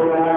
الله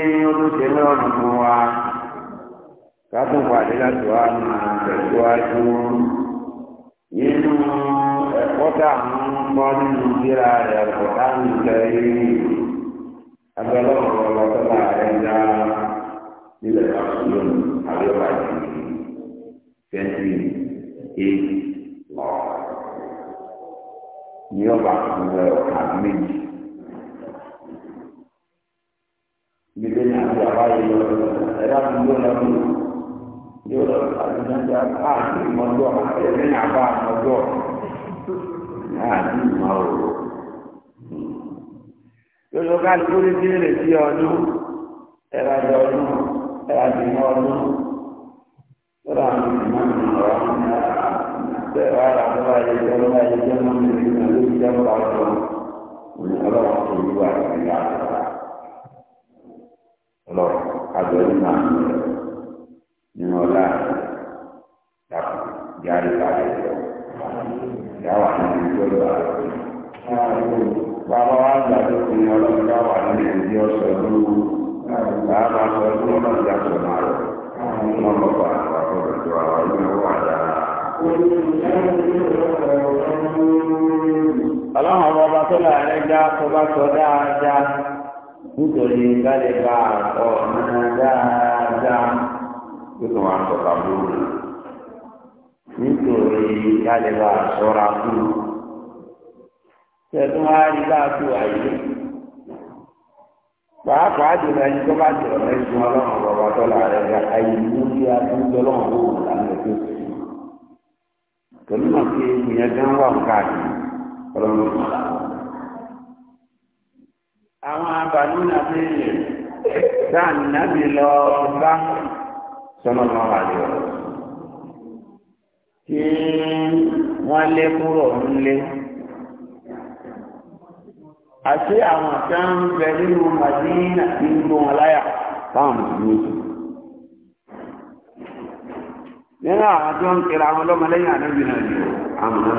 ó tún ṣe lọ́rùn fún wa kákùn pàdé láti wá máa tẹ̀síwájú nínú ẹ̀kọ́ tá à ń kọ́ nínú síra rẹ̀ ẹ̀kọ́ tá à ń tẹ̀lé abẹ́lọ́rọ̀ lọ́tọ́lá rẹ̀ nílẹ̀ àbúrò àbíọ́bàjì twenty eight lọ ní ọba àwọn ọ̀ka méjì. bíbí ní àti àbáyé lọ ẹ̀dá mi yóò lọ bí yóò lọ àti nàìjíríà káàkiri ìmọ̀jọ́ àtẹ̀lé ní àbá àmọ́jọ́ láàbí ìmọ̀ òwò. yóò lọ ká lóko ní bíi rè sí ọdún ẹ̀rọ àjọ ọdún ẹ̀rọ àti ìmọ̀ ọdún lọ́dọ̀ àwọn ìmọ̀ ìmọ̀ ọ̀rọ̀ bẹ́ẹ̀ wá ra àwọn ayé jẹ́ ọlọ́wọ́ ayé jẹ́ ọmọ mi ní ìgbà lórí jẹ́ ọ̀rọ̀ ọ̀rọ̀ ọ̀rọ̀ ọ̀rọ̀ ọ̀rọ̀ ọlọ́run àjọyọ̀ náà ń lọ nínú ọlá dàpọ̀ yára balẹ̀ lọ yàwá nínú ìjọba àlọ́ bàbá wa gbà tó fi ọlọ́run yàwá nínú ìdí ọ̀sẹ̀ lóru bàbá sọ ní ọlọ́run yàtọ̀ máa lọ wọn lọ bá àwọn àwọn ọlọ́run wà dára. ọlọ́run ọba tó láàrin já tó bá sọ dáadáa. nítorí kálí bá àtọ̀ náà dáadáa ó tún wá sọ̀tà bóòlù nítorí kálí bá sọ̀ra kú tẹ̀tún wá rí bá tó àyè pàápàá jùlọ ẹni tó bá ga a àwọn abàánú nàbí yẹn dáa nàbí lọ bá sọlọ náà wà lọ tí wọn lé kúrò ńlé àti àwọn kan ń bẹ nínú màdínà nínú wọn láyà fáwọn mùsùlùmí nínú àwọn tó ń kiri àwọn ọlọ́mọlẹ́yìn àdébìnrin àdìo àwọn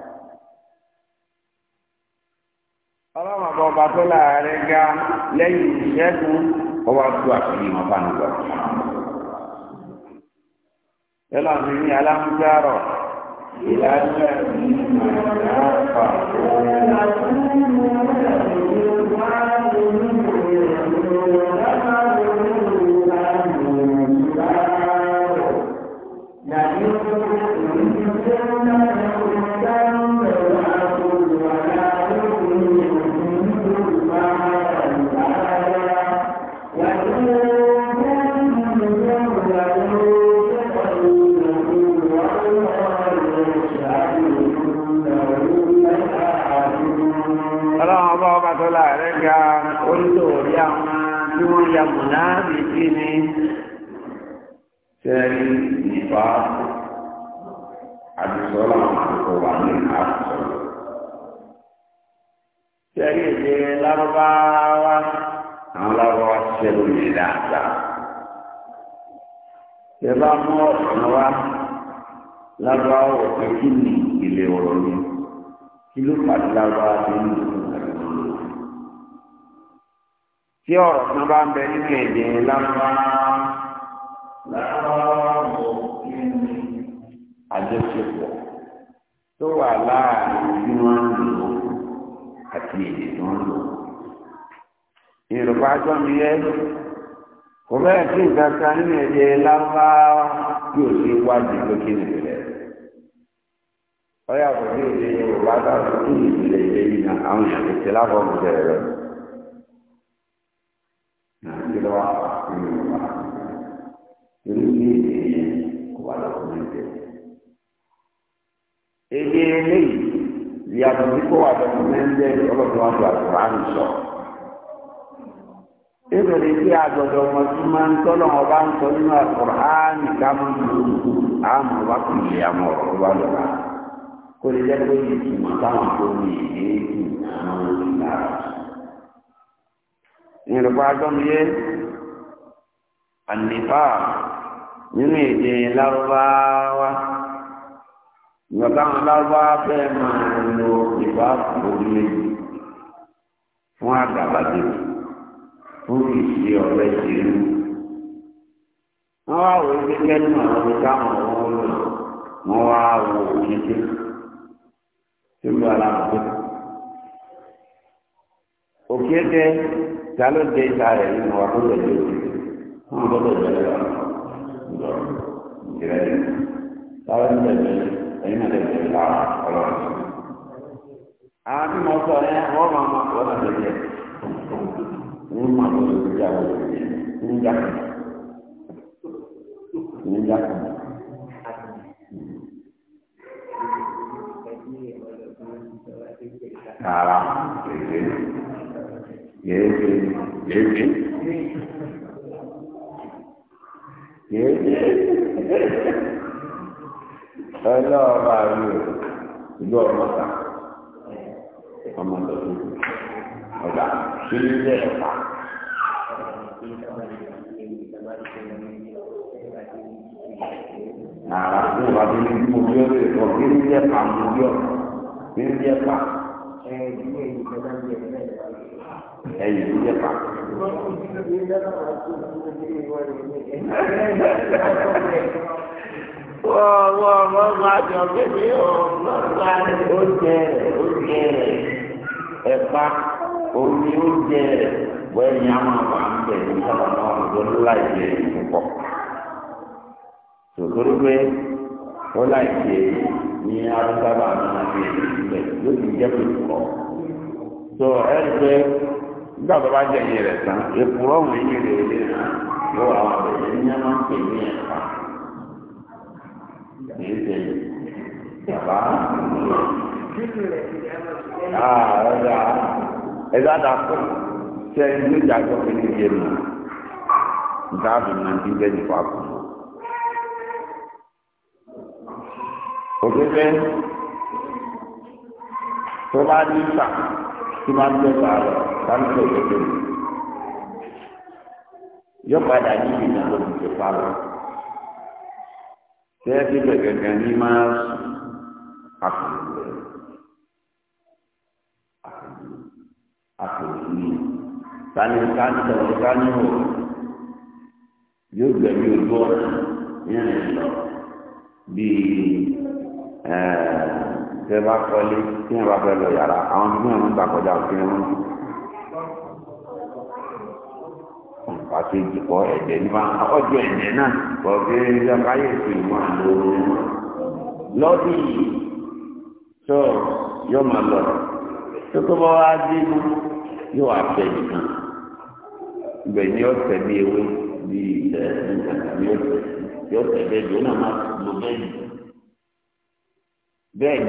ọlọ́run àbọ̀ ọba tó láàárẹ̀ ga lẹ́yìn ìṣẹ́gun ọba tó àṣírí wọn bá nígbà tó máa ń bọ̀. yọlá ní alámúdárọ̀ ìdájọ́ ẹ̀mí ìgbà tó ń bá a fà. tí wọ́n ya mọ̀láàbí kí ni sẹ́rí ìfà àdùsọ́lá àkókò wà ní àkùsọ́lá. Sẹ́rí èdè lárúbáwá àwọn lárúbáwá ṣiṣẹ́ lórí ìlà àgbà. Ìjọba mú ọ̀sán wá lárúbáwá òfin kí ni ilé ọ̀rọ̀ ni kí ló pàdé lárúbáwá nínú ìlú. tí ọ̀rọ̀ kan bá ń bẹ nínú èdè lápá àjọṣepọ̀ àti èdè tó ń lò. Yorùbá gbọ́ mi yẹ kò bẹ́ẹ̀ sí nǹkan nínú èdè lápá yóò ṣe wádìí lókè nìyẹn. Ọ̀yà kò sí èdè Yorùbá dáhùn sí ìdílé ìdílé yìí náà àwọn èèyàn ti Nanti lo apa? Ini lo apa? Jadi ini kepada pemimpin. Ini ini lihat ini kepada pemimpin kalau tuan tuan Quran so. Ibu ini ada dalam zaman tolong orang tolong Al-Quran kamu amu waktu dia mau wala. Kalau dia boleh cuma kamu boleh itu nama Allah ìrìnàpá agbọ́miyé ànífà nínú èdè lárúbáwá ìgbàgbọ́n lárúbáwá fẹ́ máa lo ìbá òrùlé fún àgàbàdì fún ìṣe ọ̀rẹ́ ìṣèlú wọ́n wá wò ó gẹ́gẹ́ nínú àwọn ọmọ táwọn ọmọ wọ́n wá wò ó kété tí ó lọ aláàbò òkété. ဒါလို့ဒိတ်သားတယ်နော်ဟုတ်တယ်လို့ဟုတ်တော့တယ်လားဒီလိုဒါလည်းပဲအိမ်မှာလည်းလာတော့အာဒီမောဆိုရင်ဟောမှာမဟုတ်တယ်ကြည့်ဘုမလို့ကြောက်တယ်ဒီကြောက်ဒီကြောက်အာဒီ yéèké yéèké yéèké ọlọ́ọ̀bá mi ò ìlú ọmọta ọmọta tó ọ̀gá tó ní ilé ẹ̀fà. Nàrà fún wa tó ní ibi ojú ọ̀rẹ́ ìtọ́ kí ní ilé ẹ̀fà mú ojú ọ̀rẹ́ ní ilé ẹ̀fà. Ẹ ẹ́ ìdílé ẹ̀yìn ló jẹ́ pa. wọ́n wọ́n wọ́n máa jọ bébí ọ̀gbọ́n wa ni ó jẹ rẹ̀ ó jẹ rẹ̀ ẹ̀pá omi ó jẹ rẹ̀ bọ́ẹ̀ni àwọn àbá ń bẹ̀ ní sábà náà ló láì jẹ ìlú pọ̀. pé ó láì jẹ ní arúgbó àbá máa ń bẹ̀ lóṣù jẹ́ pẹ̀lú kọ́. tó ẹ̀rí pé nígbà tó bá jẹ ẹyin rẹ tán èkúrọ ọhún ẹyin rẹ lè rà yóò wà wà bẹ ẹyin yẹn máa ń pè ní ẹfà èyí tẹ bàbá ààrẹ ẹ̀dá dàpọ̀ tẹ ẹni tó jàgbọ́ pé ní ìyẹn mọ̀ nígbà tó máa ń bí bẹ́ẹ̀ nípa òkèké tó bá ní ìta tó bá ń bẹ́ẹ̀ bá sáńtò òdodo yọ padà ní ìgbìmọ̀ lórí ti parọ́ tẹ́ẹ̀tì gẹ̀gẹ̀gẹ̀ ní máa àkùnrin àkùnrin ní tani káńtò kánú yóò gbẹ̀mí ojú ọ̀nà yẹn lọ bíi ẹ̀ẹ́dẹ́gbàkọ́lé tí wọ́n bá fẹ́ lọ yàrá àwọn tí wọ́n ń gbà kọjá wọn. pàkejì kọ ẹ̀jẹ̀ nípa ọjọ́ ẹ̀jẹ̀ náà kọ bí ẹ̀jẹ̀ sí ìmọ̀ àlọ́ lọ́bì tó yóò máa lọ tó tó bá wá dé mú yóò wá fẹ́ nìkan ibẹ̀ ni yóò tẹ̀ bí ewé bí ilẹ̀ yóò tẹ̀ bí náà máa lọ bẹ́ẹ̀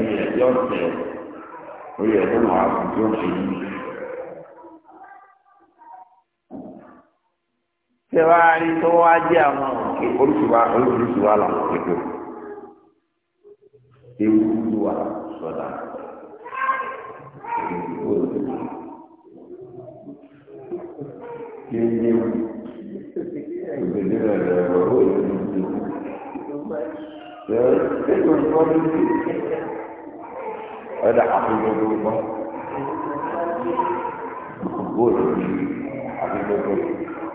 tẹwàárí tó wá jẹ àwọn òkè oríṣiríṣi wa là wọn kékeré ewu ló wà sọdá kéwéwu ìgbèlè rẹ rẹ ọ̀rọ̀ yẹn ló ń dùn ṣe é tó ń bọ̀ lójú ọdà àfihàn gbọ́ bóòlù àfihàn gbọ́.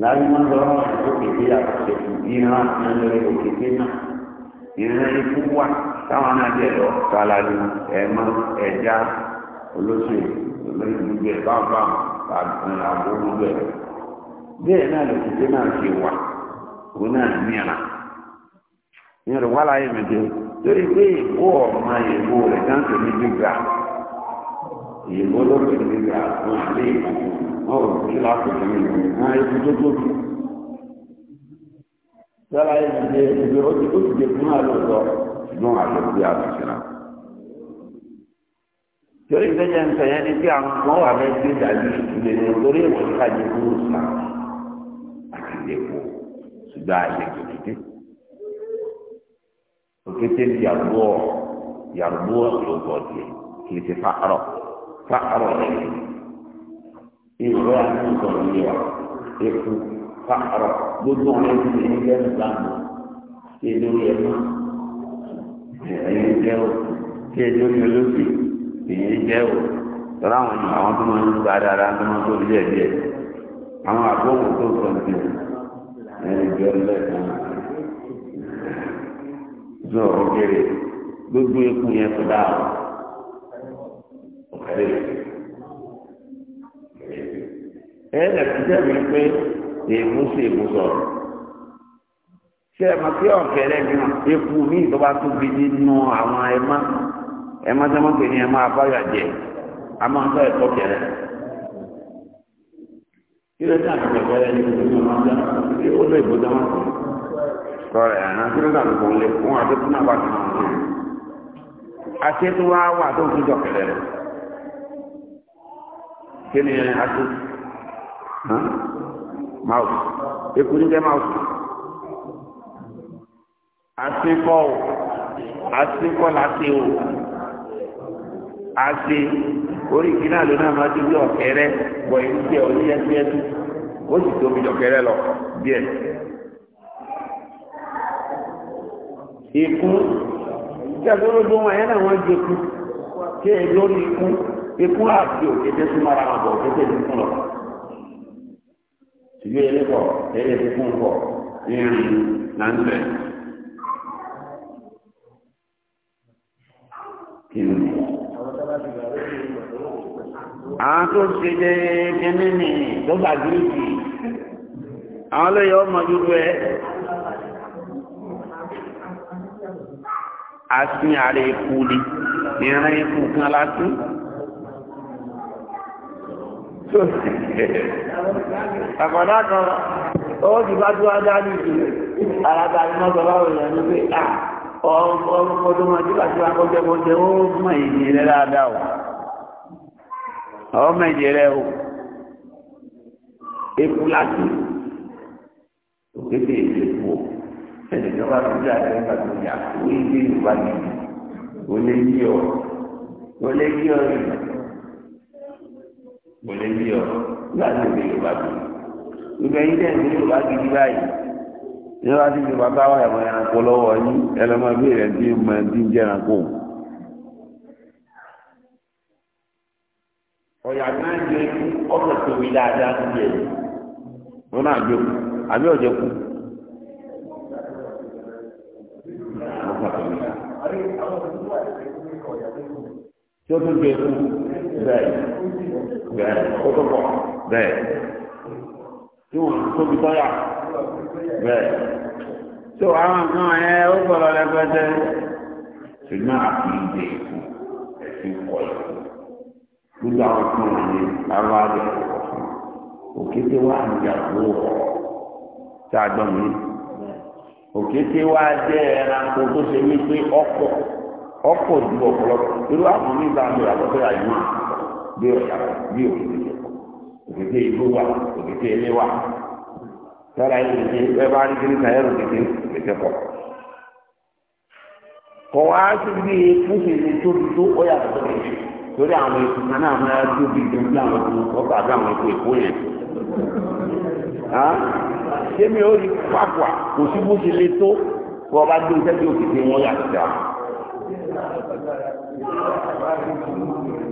láti máa ń lọ òkè tí àkọsẹ̀ ìran máa ń lọ òkè tí náà ìran ikú wà táwọn náà jẹ lọ kálálú ẹmọ ẹja olóṣù olóṣèlú ẹ báwọn báwọn àbúrò gbogbo ẹ bẹ́ẹ̀ náà lòkè tí náà ṣe wà òun náà mìíràn ìrìn wà láyé mi dé torí pé ìwọ ọmọ ìwọ rẹ dáńtò ní gbígbà ìbò lókè nígbà àwọn àlè ọ̀rọ̀ kí lásìkò mi lò náà ibi tó tóbi. Sára ìdíje ìbí ó ti dé fún àlòsọ ṣùgbọ́n àlòsí àbùsíra. Torí ìgbẹ́jẹ̀ ń sẹ̀yẹ́ ni pé àwọn kan wà bẹ́ẹ̀ gbé dàbí ìgbèrè lórí ìwọ̀n ìkàjẹ́ fún ìsìlá àti ìdẹ́kọ̀ ṣùgbọ́n àlè kìkìtì. Òkété ni yàrá bọ́ yàrá kì í ti fa àrọ̀. فأرض ìwé àtúntò ìwà èkó fàárọ̀ gbogbo àwọn ẹbí ní ẹgbẹ́ ìsìlámù tí ẹ lórí ẹ má ẹyìn jẹ́ o tí ẹ lórí olóṣì èyí jẹ́ o tọ́lá àwọn ìmọ̀ àwọn tó máa ń gba dára tó máa ń tó díẹ̀ díẹ̀ àwọn àbọ̀wò tó sọ ní ẹni jẹ́ lẹ́ẹ̀kan zọ òkèrè gbogbo ikú yẹn tó dáa ọ̀kadà èyí ẹ̀ mi pé èèmù sí èèmù sọ̀rọ̀ ṣé ẹ̀ máa fi ọ̀kẹ́rẹ́ ní eku ní ìjọba tó fi nínú àwọn ẹ̀má ẹ̀má tí wọ́n pè ní ẹ̀má abáyọ̀jẹ̀ a máa ń sọ ẹ̀kọ́ kí ló kí ló fún wà tó ń fi jọ kí ni àti mouse eku ní jẹ́ mouse àsìkò o àsìkò láti o àti orí ìkíní àlọ́ náà máa ti bí ọ̀kẹ́rẹ́ bọ̀ èyí jẹ́ oníyẹ́síyẹ́sí ó sì tóbi jọ̀kẹ́rẹ́ lọ díẹ̀. ikú jẹ́ tó ló dún wọn ẹ̀ náà wọ́n jẹ́ ikú kí èyí lórí ikú ikú àti òkété súnmọ́ra wọn bọ̀ òkété ti fún lọ. Ìgbé ilé bọ̀ ẹ̀yẹ ti fún bọ̀ ní ìrìn náà ń bẹ̀. Kìnnì. Àwọn tó ṣe jẹ́ kíní ni tó gbà gíríkì. Àwọn olóyè ọmọ dúdú ẹ. Asin ààrẹ ikú ni, ìrìn ikú kan lásán àkọ́dá kan owó ti bá tó wá dání ìlú àràtà ni wọ́n sọ báwo ìyẹn ló pé à ọmọ ọdún máa tí bàtí wọn kọjá kọjá ó mọ ìdí rẹ dáadáa o ọmọ ìdí rẹ o eku láti òkété ìdìbò ẹnìkan kò bí rí ọ láti ìwé yorùbá ìgbẹ́ yorùbá gidi báyìí ní wá sí yorùbá bá wà ẹranko lọ́wọ́ yín ẹlọ́mọ bí rẹ̀ ti mọ ẹbí jẹ́ ẹranko. ọ̀yà náà ń gbé ọkọ̀ tó wí dáadáa sí ẹ̀ náà àbí kú. bẹ́ẹ̀ ó tó bẹ́ẹ̀ àwọn nǹkan ẹ̀ ó sọ̀rọ̀ rẹpẹtẹ ṣùgbọ́n àti ìdè ìkú ẹ̀sìn pọ̀ gbogbo àwọn kan wọ̀nyí àwọn àgbẹ̀ òkété wà nígbà tó wọ̀ tá a gbọ́ mi òkété wá jẹ́ ẹranko tó ṣe wípé ọkọ̀ ọkọ̀ ju ọ̀pọ̀lọpọ̀ irú àwọn bí ọ̀yà bí òkèké òkèké ìlú wa òkèké ilé wa sára ìlú ẹ bá rí kiri kan ẹrù kékeré òkèké pọ̀. kọ̀ wá síbi fúnṣe ní tóbi tó ó yàtọ̀ tó kékeré torí àwọn ètò kan náà máa tóbi ju bí àwọn ètò ọkọ̀ àbí àwọn ètò èkó yẹn. ṣé mi rí pàpà kò sí bó ṣe lè tó wọ́n bá gbé iṣẹ́ bí òkèké wọn yàtọ̀ dáa.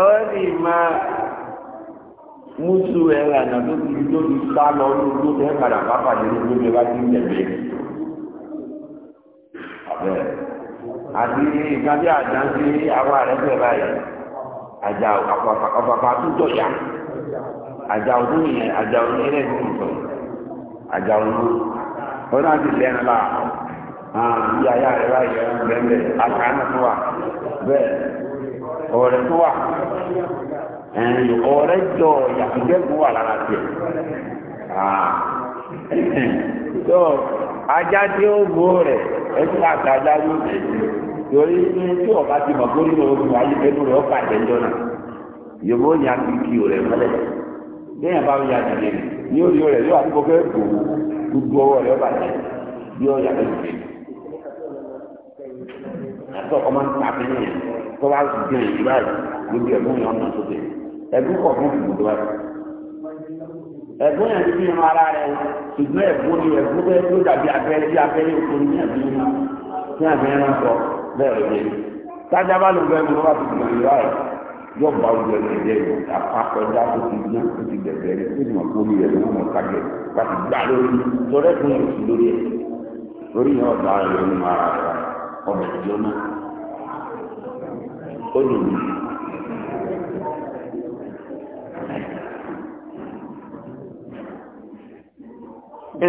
ọ́nì máa mútu ẹ̀rọ àná tó ti sá lọ lójú tẹ́ padà bá pàdé lójú mi bá ti ń tẹ̀lé. àti àwọn báyìí ọ̀pàpà bí ayá rẹ̀ báyìí bẹ́ẹ̀ àkàánà tó wà bẹ́ẹ̀ ọ̀rẹ́ tó wà ọ̀rẹ́ jọ ìyàtúgbẹ́gùn wà lára tiẹ̀ tó ajá tí ó gbó rẹ̀ ẹtí àtàjá ló dé torí ní tí ọba ti mọ̀ kórìí lọ ogun ayé pẹ̀lú rẹ̀ ọ̀pá ìjẹ́jọ́ náà yòówó ní akíkí rẹ̀ mọ́lẹ̀ bẹ́ẹ̀ bá wọ́n yà jìnnà ní orí rẹ̀ yóò àti kókó ẹ̀kọ́ gbogbo ọwọ́ rẹ̀ ọ̀bàjẹ́ yóò yà lóṣù kejì látọ̀ ọmọ ń ta fún yẹn tó bá sì gbé èyí báyìí lójú ẹ̀gbọ́n yẹn ọ̀nà sókè ẹ̀gbọ́n kọ̀ fún ìgbìmọ̀ tó báyìí. ẹ̀gbọ́n yẹn ti fi hàn ara rẹ̀ ṣùgbọ́n ẹ̀gbọ́n ni ẹ̀gbọ́n bẹ́ẹ̀ tó dàbí abẹ́rẹ́ bí abẹ́rẹ́ òkú ní àbíyẹn ní àbíyẹn náà sọ bẹ́ẹ̀ rẹ̀ tájà bá lò bẹ́ẹ̀ ló bá ti gbìmọ̀ ìlú ààrẹ yóò bá ojú ẹgbẹ́ jẹ́ ìwọ̀n àpapọ̀ ẹ̀dá tó ti gbá tó ti bẹ̀rẹ̀ rẹ̀ tó ti mọ̀ kó ní ẹ̀rọ mọ̀ kájẹ̀ láti gbá lórí tọ́lẹ́kùn yóò sí lórí ẹ̀ lórí yẹn ọ̀dà ẹ̀rọ ní ara rẹ̀ ọ̀rọ̀ ìjọba ó dùn mí.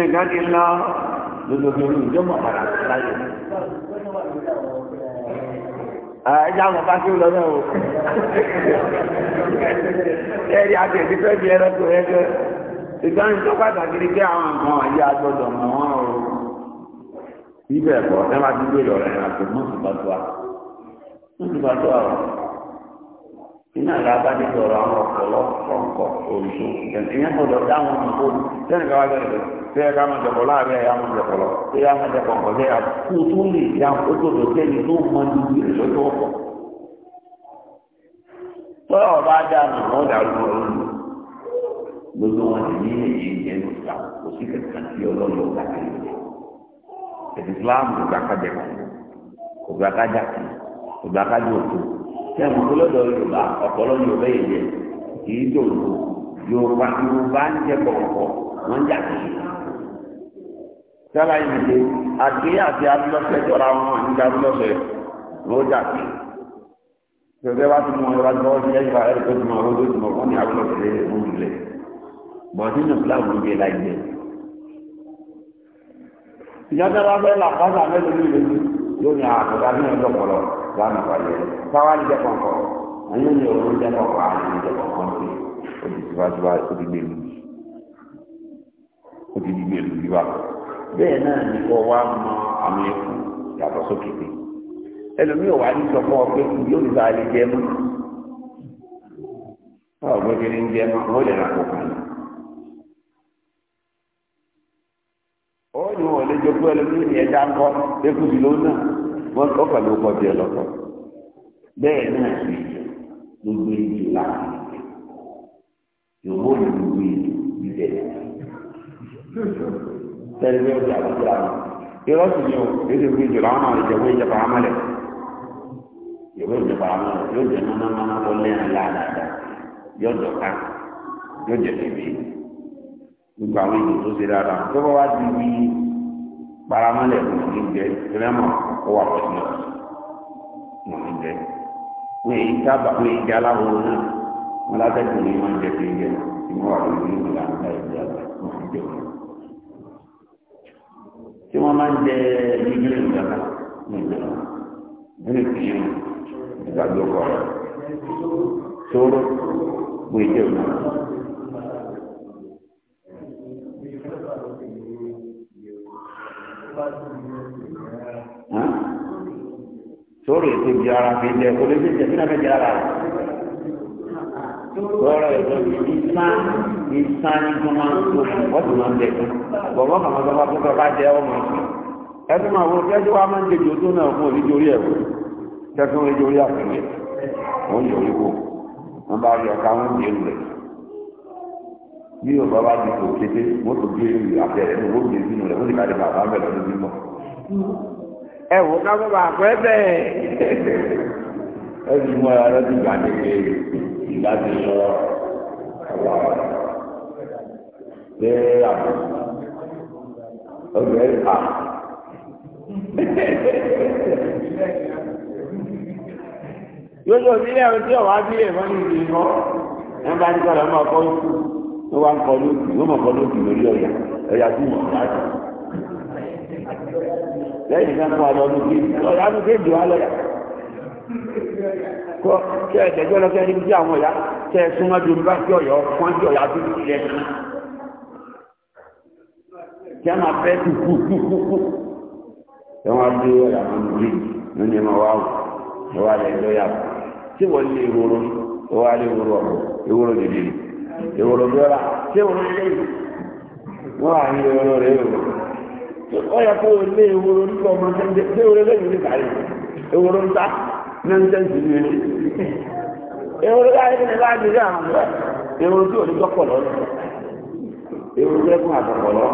ẹ̀ka ti la lójoojúmọ́ ìjọba padà láyé. ẹja àwọn bá kí ó lọ náà o ẹ̀rí àti ẹ̀sìn fẹ́ di ẹranko ẹgbẹ́ ìgbà ń pàtàkì ni pé àwọn nǹkan wọ̀nyí agbọ́dọ̀ mọ̀ wọ́n o. ibẹ̀ kọ́ ẹ máa ti gbé lọ́rọ̀ ẹ̀ àti mọ́tò bá tó a mọ́tò bá tó a o iná ìlà abájẹ́ lọ́rọ̀ àwọn ọ̀pọ̀lọpọ̀ nǹkan òrìṣò ìyẹn gbọ́dọ̀ dá àwọn ọmọ kó sẹ́ni ká wá bẹ̀rẹ̀ bẹ̀rẹ̀ ṣé ẹ ká máa jẹ̀kọ̀ láàbẹ̀ ẹ̀ máa jẹ̀kọ̀ lọ ṣé ẹ máa jẹ̀kọ̀ nǹkan ṣé kú tó lè ya ó tó lò sẹ́ni tó mọ níbi ìlọ́jọ́ ọ̀pọ̀ tó ọba dànù wọn dàrú wọn lónìí gbogbo wọn ti ní èyí ìyẹn ló ta sí kẹ̀kẹ́ tí ọlọ́run ẹ̀sìn Islam kò gbà kájà kò gbà kájà kò gbà kájà òkú tí a mọ̀ lọ́dọ̀ Yorùbá ọ̀pọ̀lọ́ Yorùbá yìí yẹ kì í tó òkú Yorùbá Yorùbá ń jẹ kọ̀ọ̀kọ̀ wọ́n jà kì í. sálà yìí ṣe àti àti adúlọ́sẹ̀ jọra wọn àti adúlọ́sẹ̀ ló jà kì í. Tẹ̀sẹ̀ ti mọ ẹ̀rọ agbọ́wọ́ sí ẹ̀yìn báyìí tó ti mọ ọ̀rọ̀ tó ti mọ ọ̀rọ̀ ní adúlọ́sẹ̀ lé ìjọba wa fẹ́ là bá sàmẹ́ lórí ìlú yóò ní àkọ́dá ní ọjọ́ pọ̀lọ́ lánàá pàdé káwá ní jẹ́ pọ̀npọ̀ àyè ní òun jẹ́ pọ̀npọ̀ àyè ní jẹ́ pọ̀npọ̀ sí òdì síwájúwá òdì gbé lu òdì gbé lu yíwá bẹ́ẹ̀ náà ní kọ́ wá mọ àmì ẹ̀kú yàtọ̀ sókè pé ẹlòmíì ò wá ní sọ fún ọ pé yóò ní tó wọn lé jogún ẹlòmíì ní ẹja ńkọ ekùsì ló náà wọn kọ pẹ̀lú ọkọ tiẹ lọkọ bẹ́ẹ̀ náà sì gbogbo ìjù láàrin yòówó ni gbogbo ìjù bíbẹ tẹlifẹ ọjà àbúrò àwọn irọ́ sì ni o èdè gbogbo ìjù làwọn náà ìjẹ̀wé ìjẹba amálẹ ìjẹ̀wé ìjẹba amálẹ yóò jẹ mọmọmọmọ tó lẹ́yìn aláàdáda yóò dọka yóò jẹ bèbè gbogbo àwọn ìjù tó ṣe dáadáa tó bá wá di bíi paramọ́lẹ̀ kò ní jẹ ìrẹ́mọ̀ kó wà pẹ̀lú náà mọ̀ ní jẹ wọn èyí sábà wọn èyí jẹ aláwọ̀ náà wọn látẹ̀kùn ní wọn jẹ fi jẹ ìmọ̀ wà lórí ìlú àgbà ìlú àgbà wọn jẹ wọn. tí wọ́n máa ń jẹ ìgbìlẹ̀ ìjọba ní ìjọba nínú ìpínlẹ̀ ìgbàgbọ́ kọ̀ tó wọ́n jẹ òun sórí ètò ìdí ara fi jẹ kó lè jẹ kí náà fẹ́ jẹ ara rẹ̀ sọ̀rọ̀ ètò ìsán ìsán ní tó máa ń tó wọ́n sì máa ń jẹ kí bọ̀bọ̀ kàmọ́ tó bá tó tó bá jẹ ọmọ ìsìn ẹni máa wo kẹ́jú wa máa ń jẹ jòtó náà fún òní jórí ẹ̀wọ̀ kẹ́kọ̀ọ́ orí jórí wọ́n yọ orí wọ́n bá rí ọ̀ka wọn jẹ́ rẹ̀ bí yorùbá bá di kò kété wọn tó gbé àbẹrẹ ní wọn gbé sínú rẹ wọn lè ká lè bàbá mẹlẹ ọdún bímọ. ẹ wò ká bọ́ bá pẹ́ bẹ́ẹ̀. ẹ ti mú ara lọ́dún ìgbà ní pé ìgbà ti lọ ọ̀la ṣé àbọ̀ ọ̀gbẹ́ ìgbà. yóò lọ sílẹ̀ ọjọ́ wa sílẹ̀ wọ́n ní ìgbìmọ̀ ẹ̀ bá ń sọ̀rọ̀ ọkọ̀ ìkú. tó wá ń kọ lóògì yóò mọ̀ kọ lóògì lórí ọ̀yà ẹ̀yà tí mo bá jù. lẹ́yìn náà kọ́ àlọ́ ọdún ọ̀yà ọdún kéjì wá lọ́yà. kọ́ kí ẹ jẹjọ́ lọ kẹ́rin àwọn ọ̀yà ẹ súnmọ́ ju bá sí fún ọ̀yà tó ti lẹ̀. a máa fẹ́ ìwòrò bí ọ̀la ṣé òun lè wọ́n à ọ̀rọ̀ rẹ̀ o ó kó o lé ìwòrò nípa ọmọ ṣẹ́ńtẹ́ ṣé òun lè ìwòrò ń ta ní ń ní ìwòrò láyé ní àwọn ìwòrò tí tọ́pọ̀ ìwòrò àtọ̀pọ̀ lọ́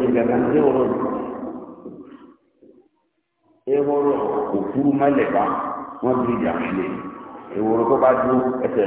ní ìwòrò ìwòrò bá wọ́n bí ìjà ìwòrò bá dúró ẹsẹ̀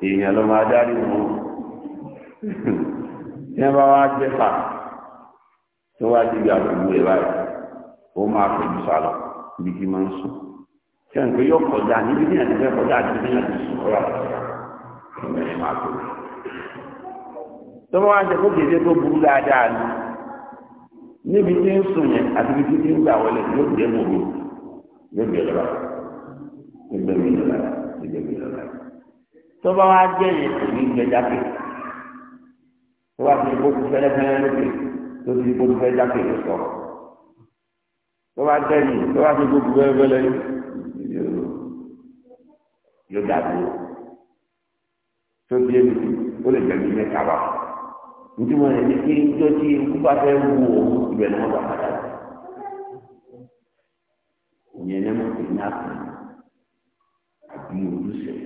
èèyàn ló máa dárí wọn ẹ bá wá jẹ fà tó wá débi àbúrò ẹ báyìí ó máa fẹjú sálọ ibi tí máa ń sùn kí ẹnì pé yóò kọjá níbi ní ẹni fẹ́ kọjá àti ní ẹni sùn tó bá wá jẹ kó kéde tó burú dáadáa ni níbi tí ń sùn yẹn àti ibi tí ń gbà wọlé jẹ mi yóò yóò tó bá wá jẹ́ yẹn kò ní gbẹ jáde tó wá fi gbogbo fẹ́lẹ́fẹ́lẹ́ lókè tó fi gbogbo fẹ́ jáde ló sọ tó wá jẹ́ yẹn tó wá fi gbogbo fẹ́lẹ́fẹ́lẹ́ yóò dàbí tó bí ebi ó lè jẹ́ bí mẹ́ta wá nítorí wọn lè ní kí njọ́ tí ikú bá fẹ́ wù ó ibẹ̀ ni wọ́n bá padà ìyẹn ní mo ti ní àpò àbí ojúṣe.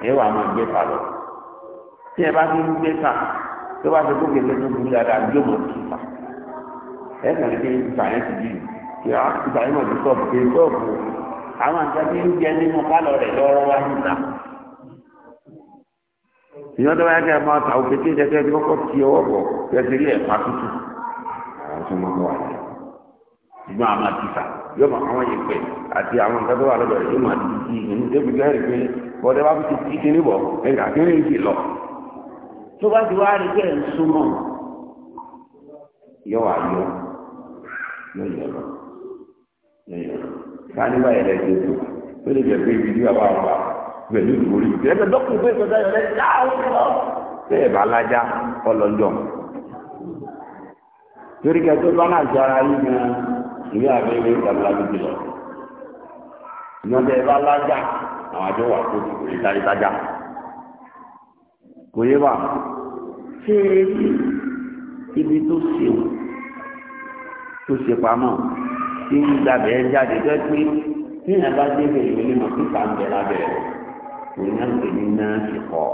ẹ wà máa gbé fà lọ tí ẹ bá ti ń gbé fà tó bá ti gbókè lẹ́nu burú dáadáa yóò mọ̀ sí fà ẹ kàn ṣe ìgbà yẹn ti di ìgbà yẹn mọ̀ sí sọ́ọ̀bù kì í sọ́ọ̀bù àwọn àti ẹni ń jẹ nínú pálọ̀ rẹ̀ lọ́rọ́ wá níta ìyọ́n tó bá yẹ kẹ́ ẹ máa ta òkè tí ìjẹ́ kẹ́ ẹ ti kọ́kọ́ ti ọwọ́ bọ̀ kẹ́ ẹ ti rí ẹ̀fà tútù àwọn tó máa wà ní ṣùgbọ́n àwọn àti fà yóò máa àti àwọn nǹkan tó débi gẹ́rì pé bọ́dẹ bá fi ti kíní bọ̀ ẹ̀yà kíní ń fi lọ. tó bá ti wá rí bẹ́ẹ̀ ń súnmọ́ yọ wà yọ yọ yọ lọ yọ yọ lọ. ká nígbà yẹn lẹ́yìn tó tó lè jẹ́ pé ibi tí bàbá wa pẹ̀lú ìwúrí ìgbẹ́ ẹgbẹ́ dọ́kùnrin pé ìgbẹ́ yọ lẹ́yìn táwọn lọ. bẹ́ẹ̀ bá lájá ọlọ́njọ́ torí kẹtọ́ bá náà jọ ara yín gan ìwé àbẹ̀wé ìgbàlódé lọ. ìyọ̀ndẹ̀ bá lájá àwọn àjọ wà tó kò lè sáré sájà kò yé wà ṣé ibi tó ṣe tó ṣe pamọ́ tí ń gbàgbé ẹ jáde tó pé téèyàn bá débẹ̀ ìwé ní mọ̀ títà ń bẹ lábẹ́ rẹ̀ kò ní àwọn èdè náà ti kọ́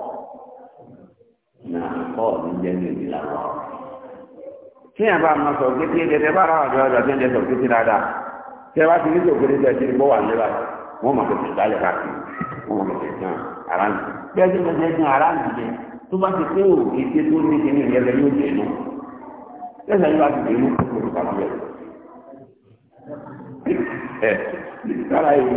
náà kọ́ ní jẹ́nu ìdí làwọn ọ̀rọ̀ téèyàn bá máa sọ pé tí ẹ dẹ̀dẹ̀ bá ara wà lọ́dọ̀ tí ẹ dẹ̀ sọ pé tí dáadáa tẹ́ bá ti ní sòkòtò tẹ̀ ti bọ́ wà níbàdàn wọ́n mọ̀ tẹ̀sẹ̀ dálẹ̀ káàkiri wọ́n mọ̀ tẹ̀sẹ̀ náà aráàlú bẹ́ẹ̀ tí wọ́n tẹ̀sẹ̀ aráàlú jẹ tó bá ti pé òkè tí tó ní kíní ìyẹn lẹ yóò jẹ nù tẹ̀sẹ̀ yóò bá ti dé mú kókò tó kàbí ẹ̀. ẹ sára ìwé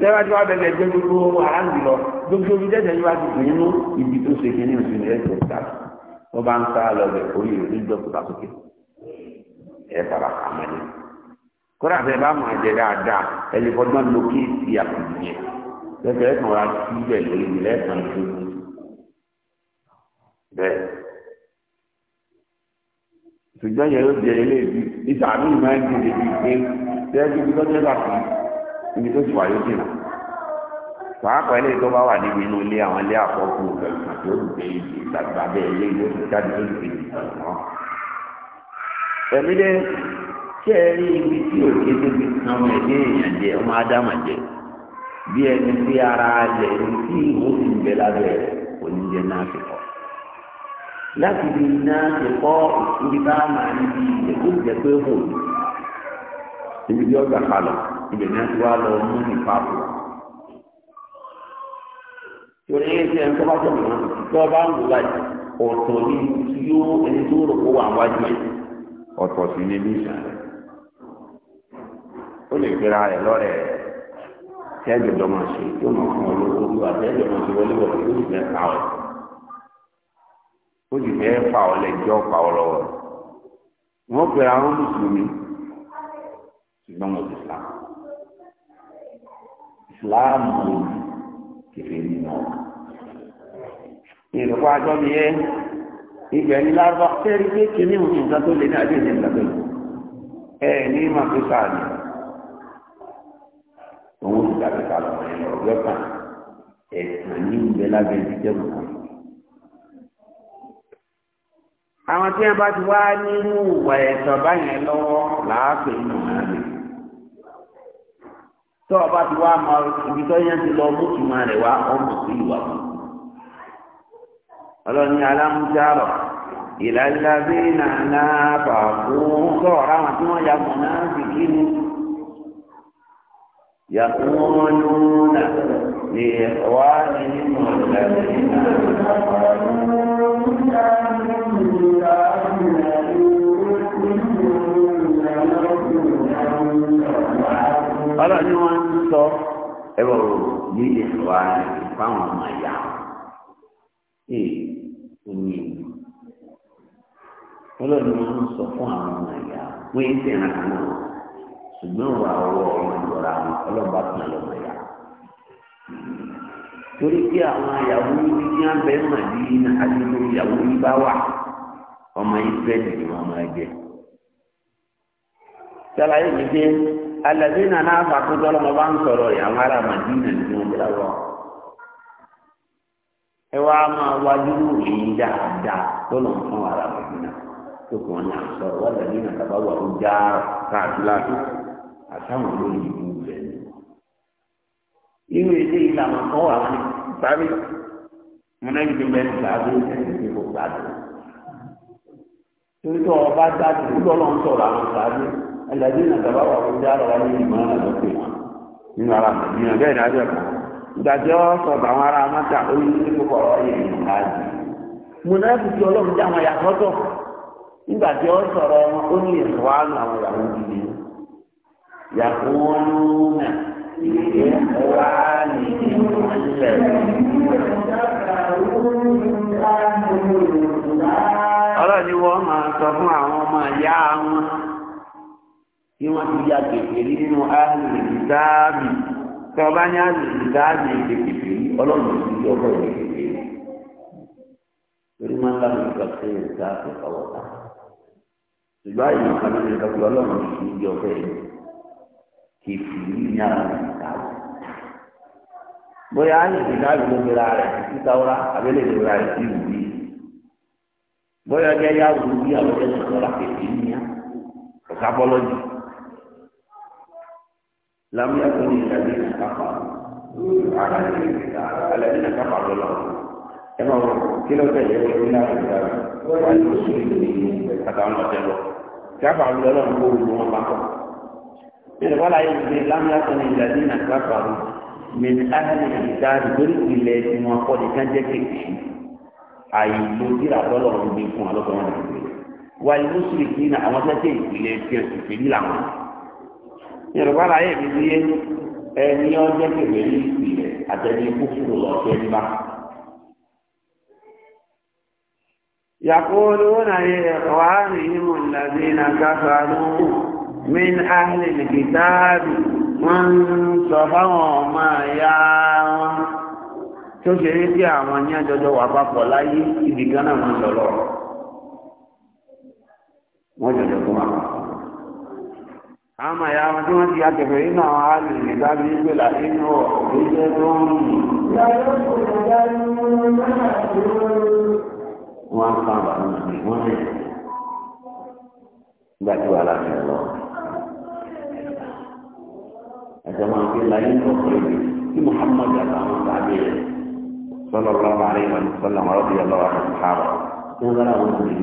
tẹ́wá tí wọ́n bẹ̀rẹ̀ jẹ́ gbogbo aráàlú lọ gbogbo bí tẹ̀sẹ̀ yóò bá ti dé nù ibi tó ṣe kíní oṣù ẹ̀sẹ̀ ìta wọ́n bá ń sá kódà fẹ́ bá máa jẹ dáadáa ẹni fọgbọ́n lo kéèsì àkùnjẹ lẹ́fẹ̀ẹ́ kan wá síbẹ̀ lórí mi lẹ́ẹ̀kan tó ń bẹ́ẹ̀. ṣùgbọ́n yẹn ló di eléyìí ìsàmì máa ń di ibi pé tẹ́lẹ̀ ibi tó jẹ́ bàtà ibi tó ti wà lókè náà. pàápàá eléyìí tó bá wà níbi inú ilé àwọn ilé àkọ́kù àti olùgbé ìgbàgbà bẹ́ẹ̀ eléyìí ló ti jáde lórí ìgbà náà. ẹ̀mí tẹ́ẹ̀rí ibi tí òkè tóbi àwọn ẹ̀dẹ́ èèyàn jẹ ọmọ ádámà jẹ bí ẹni tí ara rẹ̀ ní tí ìwọ sì ń bẹ lábẹ́ rẹ̀ náà láti ibi bá máa ń di pé ní ibi tí ọgbà náà ti wá lọ mú ní torí tó ń láti ní tí yóò ó lè gbéra rẹ̀ lọ́rẹ̀ rẹ̀ tí ẹ̀jẹ̀ jọ máa ṣe yóò máa fún wọn lówó olúwa tí ẹ̀jẹ̀ máa ṣe wọlé wọ̀ ó sì fẹ́ pa ọ́ ó sì fẹ́ pa ọ́ lẹ́jọ́ pa ọ́ lọ́wọ́ wọ́n pera wọn mùsùlùmí ṣùgbọ́n mo ti sá ìsìláàmù kìfé nínú ọ ìrọ̀pá àjọ mi yẹ ibẹ̀ ní lárúbá fẹ́ẹ́ pé kí ní nǹkan ní àdéhùn nǹkan tó ní màá fi sáà nìyẹn òun ti dàbí ká lọ ẹ lọ ọgbẹ kan ẹsàn ní ìgbẹ lábẹ́ ìdíjẹ mọ. àwọn tí wọn bá ti wá nínú ìwà ẹ̀tọ́ báyẹn lọ́wọ́ làápè náà lè tó ọba ti wá máa ibi tó yẹn ti lọ mú ìmọ̀ rẹ̀ wá ọmọ sí ìwà mọ. ọlọ́ni alámújárọ̀ ìlàlá bí nàlá bàbá fún sọ̀rọ̀ àwọn tí wọ́n ya mọ̀ náà sì kí ni. يقولون لإخوانهم الذين ọlọ́ ni wọ́n ń sọ ẹ̀rọ ní ìṣòwà ìfáwọn ọmọ ìyá ee omi ni wọ́n ń sọ fún àwọn ọmọ ìyá wọ́n ń sèrànà náà. ṣùgbọ́n wà ọwọ́ ọmọ ìlọ́ra ọlọ́ba kan lọ́mọ ya torí pé àwọn ìyàwó yìí ní abẹ́ màdínà àdínú ìyàwó yìí bá wà ọmọ ìsírẹ́lì ni wọ́n máa jẹ. sàlàyé mi pé alẹ́ náà náà fàkótó ọlọ́mọ bá ń sọ̀rọ̀ ìyàwó màdínà wọ́n bá àtàwọn olórí ìlú rẹ̀ ni. Irú ilé ìlànà kan wà ní sáré. Mo náà yìí Torí tó ọba dájú nígbà náà sọ̀rọ̀ àwọn sáré. Ẹlẹ́dí náà dábà wà ìmọ̀ náà wọn. Nínú ara mi, ìyàn bẹ́ẹ̀ ni a jẹ́ kan. Ìdájọ́ sọ̀tọ̀ àwọn ará ní ọ̀rọ̀ ọlọ́run يقولون wọ́n ti ya kékeré nínú alìlìdáàbì tí ọba ní alìlìdáàbì kékeré ọlọ́run ti yọ ọgbọ́n ìwé kékeré torí máa ń lábẹ́ ìgbà tí ìgbà tó kọ́wọ́ ta ṣùgbọ́n àyè nǹkan ló ń kìfìrí ní àwọn ìdáwó bóyá àyè ìdáwó ló gbéra rẹ̀ títàwọ́rá abẹ́lẹ̀ ló ra ìdí ìwúrí bóyá ọjọ́ yá wù bí àwọn ọjọ́ tó sọ̀rọ̀ kìfìrí ní à ọ̀ká bọ́lọ́jì lámúyá tó ní ìdàgbé ní káfà ara ní ìdá alẹ́bí ní káfà ló lọ ẹ máa wọ kí ló tẹ̀lé ẹ lórí ní oṣù ìdílé àtàwọn ọ̀tẹ̀ lọ káfà ló lọ́nà kó gbogbo bá kọ̀ nínú wọ́n láyé ìgbé lámúlátọ́ni ìdàdí náà kápárù mẹ́ni áhìlì ìdá lórí ilẹ̀ tí wọ́n kọ́ ní kájẹ́ kéèkì àìlò tíra tọ́lọ̀ ń gbé fún alọ́kọ̀ wọn nìgbè wà ní mùsùlùmí kí ní àwọn tẹ́tẹ́ ìpìlẹ̀ tí ó ti fèrí làwọn. nínú wọ́n láyé yé ẹni ọjọ́ kéwé ní ìpìlẹ̀ àtẹni kúkúrú lọ́ọ̀tẹ́ níbà. yàkó lóun àyè ọ̀hánì yìí min ahli likitaabi wọ́n ń sọ fáwọn ọmọ ẹ̀yà wọn tó ṣe rí sí àwọn ní àjọjọ wà papọ̀ láyé ibì kan náà wọ́n sọ lọ wọ́n jọjọ fún wa. àwọn wọn tí wọ́n ti akẹ̀fẹ̀ ọ̀ àjọmọ́ àti láyé ń lọ́kọ̀ èdè tí muhammad àtàwọn sábẹ́ rẹ̀ sọlọ lọ́wọ́ àárín wọn sọlọ àwọn ọ̀rọ̀ yẹn lọ́wọ́ àti sábà tí wọ́n bára wọn lè fi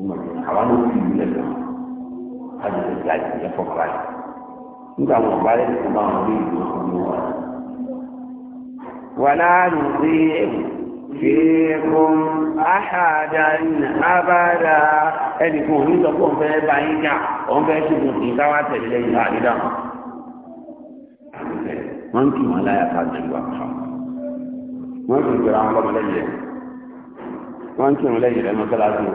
ìmọ̀lẹ́ àwọn ló fi ìlẹ̀ lọ kájú lè ga ẹ̀fọ́ báyìí nígbà wọn bá rẹ̀ tó bá wọn lé ìlú ọkọ̀ ní wọn. wàlá nùdí fíkún àhàdàn abada ẹnì kan ò fẹ́ bá jà òun fẹ́ ṣùgbọ́n kì í káwá tẹ̀lé lẹ́yìn àdídà wọ́n ń kì wọ́n láyà ká ju wa kàn wọ́n sì ń jọra wọn lọ́mọ lẹ́yìn rẹ̀ wọ́n ń kì wọ́n lẹ́yìn rẹ̀ mọ́sálásí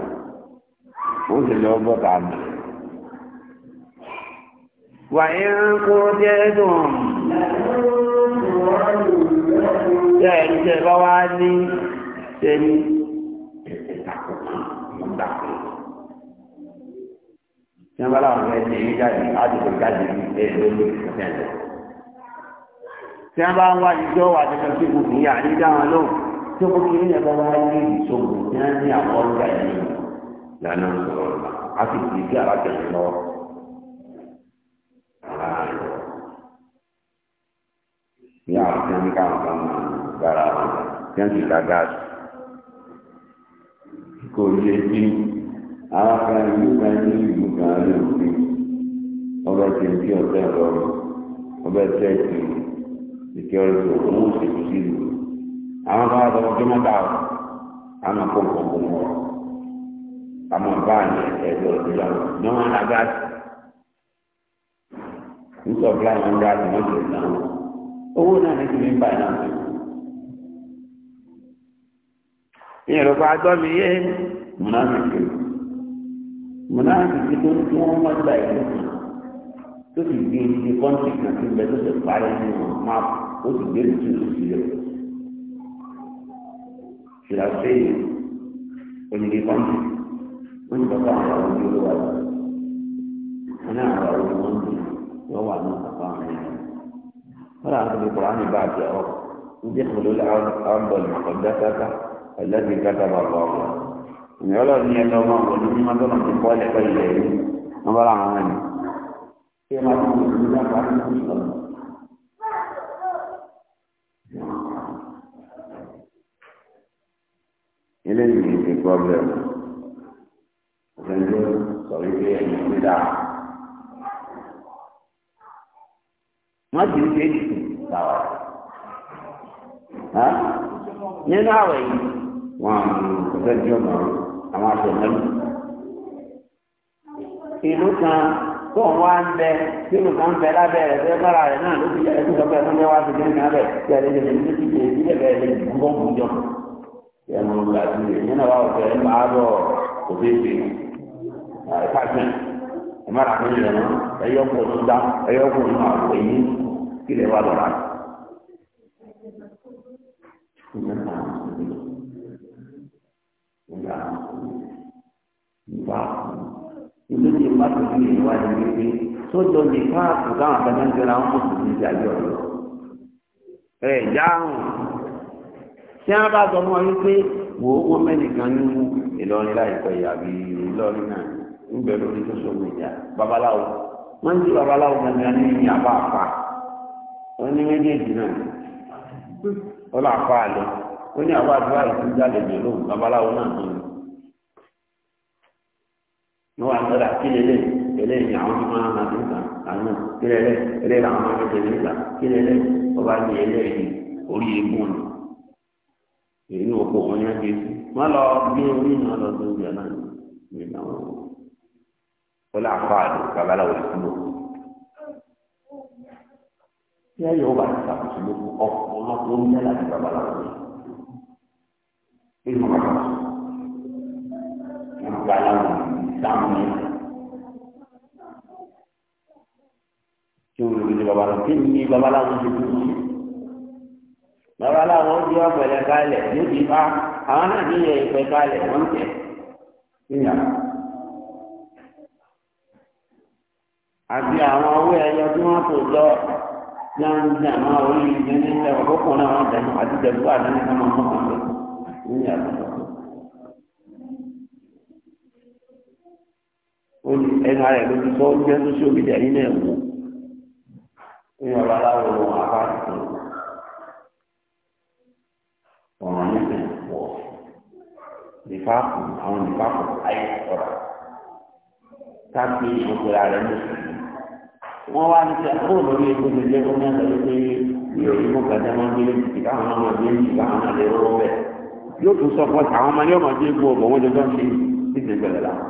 ó sì lọ bọ́ ká mọ̀. wà á kó jẹ́ dùn. tẹ́ ẹ̀ ń tẹ́ bá wá ní tẹ́ni ìgbà tí wọ́n bá láwọn fẹ́ẹ́ ṣe ní jáde láti kó jáde ní ẹ̀ẹ́dẹ́gbẹ̀rún tí wọ́n bá ń wá ìjọ wà tẹ́tẹ́ sí gbogbo ìyá àdídá wọn náà tí ó kí ní ẹ̀bá wá ní ìṣòwò tí wọ́n ní àwọn ọ̀gá ẹ̀mí lànà ọ̀la a sì fi bí alákẹ̀yìn lọ. ní àwọn tí wọ́n ní káwọn kan máa gbára wọn tí wọ́n sì gba gáàsì kò yẹ kí àwọn kan ní ìlú kan ní ìlú kan ní òfin ọbẹ̀ tí ń fi ọbẹ̀ tẹ̀ security òkú mú òṣèlú sílù àwọn bá lọ ọjọ́ mọ́ta ọ̀ àmọ́ kó nǹkan kó mọ́ àmọ́ bá àyẹ̀ ẹ̀dọ̀ ìjọba náà wọn lágbá ní sọ̀bùlá wọn gbá àti wọn tẹ̀lé náà owó náà ní kìíní báyìí náà tó ìyẹn ló bá gbọ́ mi yé múnáfìkì múnáfìkì tó ń tún wọn mọ́ gbà ìlú kan. في الدين في قنطك ما كنت تسلق عليه مع قوت الدين في في العسلية وانا في على رجل انا على رجل قنطك وهو على مطاع في القرآن بعد يا رب وبيقبل الأرض المقدسة التي كتب الله يعني يقول ان يلا ما لي ما ظلمت صالح الليل ما ظلم عني ṣé máa ti problem òṣèlú sọ wípé ẹni ti dá má ti ṣe ètò ìtawà nínú àwẹ̀ yìí wọn kò fẹ́ jọ mọ́ àwọn aṣọ mẹ́lú ìlú kan tó ń wá ń bẹ tí mo kàn ń bẹ lábẹ́ rẹ̀ bẹ́ẹ̀ bára rẹ̀ náà ló fi yẹ kí sọ́kẹ́ tó ń bẹ wá sí kékeré náà bẹ̀ tí a lè lè ní ti lè ní ẹ̀bẹ̀ lè ní gbọ́n kú jọ. ẹ mọ olùdá sí yẹn náà wà ọ̀fẹ́ ẹ máa bọ̀ kò ìgbé ẹ káàkiri ẹ má ràkún ilẹ̀ náà ẹ yọ kó tó dá ẹ yọ kó nínú àwọ̀ èyí kí lè wà lọ́la. Ìgbà ìlú ti má tó ju ìwádìí wípé tó jọ ní káàkó táwọn akẹ́kọ̀ọ́ ń jọra wọn kò ní ìdájọ́ ọ̀rọ̀. ẹ dáhùn tí wọn bá sọ fún ọ wípé wo wọn mẹ́nìkan ní Ìlọrin láìpẹ́ ìyàbí Ìlọrin náà ń bẹ lórí tó sọ ìjà babaláwo wọn ń jí babaláwo gangan ní ìyìn àbá àpá wọn ní méjèèjì náà wọn lọ àpá àlọ wọn ní àbá àdúrà ìfúnjálè jẹ babaláwo náà tó ní wàá sọ̀rọ̀ àkílélẹ̀ eléyìí àwọn tó máa ma nígbà àná kílélẹ̀ eléyìí àwọn máa tẹ̀lé nígbà kílélẹ̀ ọba ní eléyìí orí egun nù èyí òkú wọn ní ẹgbẹ́ sí wọn lọ gbé orí náà lọ sí oúnjẹ náà ní àwọn ọmọ wọn lọ àkọ àdó babaláwo ìkúlò tí ẹ yóò bá ti sàkóso lóko ọkọ ọmọ tó ń yálà babaláwo yìí nínú babaláwo yìí babaláwo dáhùn yẹn. tí wọn lòdì babaláwo kí ni babaláwo ti kú sí. babaláwo ń di ọ̀pẹ̀lẹ̀ kalẹ̀ níbi bá àwọn náà ní yẹ ìpẹ́ kalẹ̀ wọ́n tẹ̀ níyà. àti àwọn owó ẹyọ tí wọ́n kò lọ ní àwọn ní àwọn orí ìdílé ní ọ̀kọ́kùnrin àwọn àti ìjẹ̀bú àdáni máa ń mọ̀ ọ́n lọ níyà lọ́wọ́. ẹ̀ka rẹ̀ ló ti sọ ó jẹ́ social media yín náà wò ó yẹ ọba aláwọ̀ ọ̀rọ̀ apá àtìkù ọ̀rọ̀ nípa ìwọ̀ nípa kù àwọn nípa kù ayé ọ̀rọ̀ káàkiri ìṣòkòrò rẹ̀ ní wọ́n wá ní sẹ́ fóònù orí epo ti jẹ́ fún mẹ́ta ló pé yóò rí fún gbàdá máa ń gbé lẹ́yìn ìgbà àwọn ọmọ ìgbé lẹ́yìn ìgbà àwọn rọ́ọ̀bẹ̀ yóò tún sọ fún ọ̀sán àwọn ọmọ ní ọmọ gbọ́ ọ̀bọ̀ wọn jọjọ́ ń ṣe ìdìgbẹ̀lẹ̀ láwọn.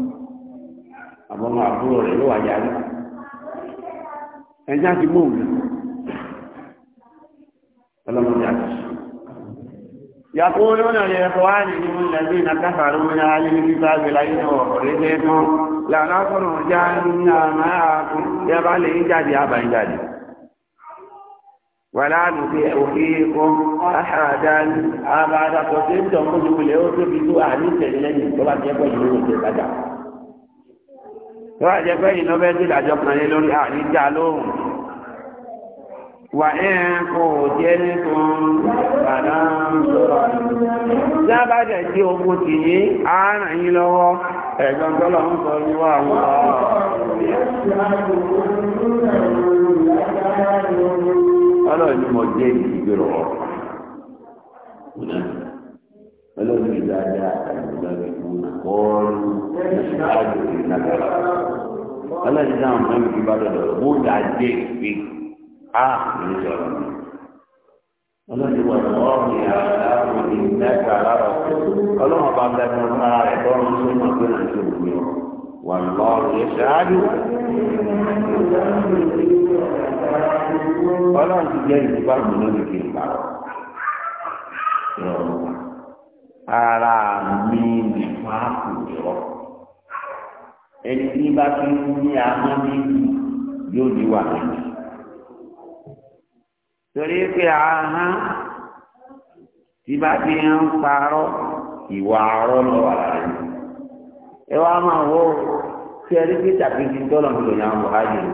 àbọ̀ ọmọ àbúrò rẹ̀ ló wà yàrá ẹjá ti mú òun ọlọ́mọdé àti يقولون لإخوانهم الذين كفروا من أهل الكتاب لئن أخرجتم لنخرجن معكم يبقى إيجاد يبقى إيجاد ولا نطيع فيكم أحدا أبدا قسمتم قسم لأوتوا بدو أهل السجنين طبعا يبقى يقولون كذا tó wà jẹ́ pẹ́yìn ló bẹ́ẹ̀ dìdájọ́ kan lórí àríjà lóhùn wà ẹ́ kò jẹ́ nìkan bàdá ń sọ̀rọ̀ lábàjẹ́ tí ogun lọ́wọ́ ẹ̀gbọ́n tó lọ ń sọ ní wà wọ́n ọlọ́run jẹ́ ìgbèrò فلو إذا جاء المنافقون قالوا نشهد إنك فلا إذا من كبار العبود عديك فيك آه من جرم ولكن والله يا سلام إنك لرسول فلما بعد ذلك قال ثم كنا نشوف والله يشهد فلا تجد كبار المنافقين بعد ara mi nípa àkùrọ̀ ẹni tí bá ti ń ní amọ́ nínú yóò ní wà nínú torí pé ahọ́n tí bá ti ń parọ́ ìwà arọ́ lọ́wọ́ ara rẹ̀ ẹ wá máa wọ́ kí ẹ pé tàbí ti tọ́lọ̀ nílò ní àwọn ọ̀há yìí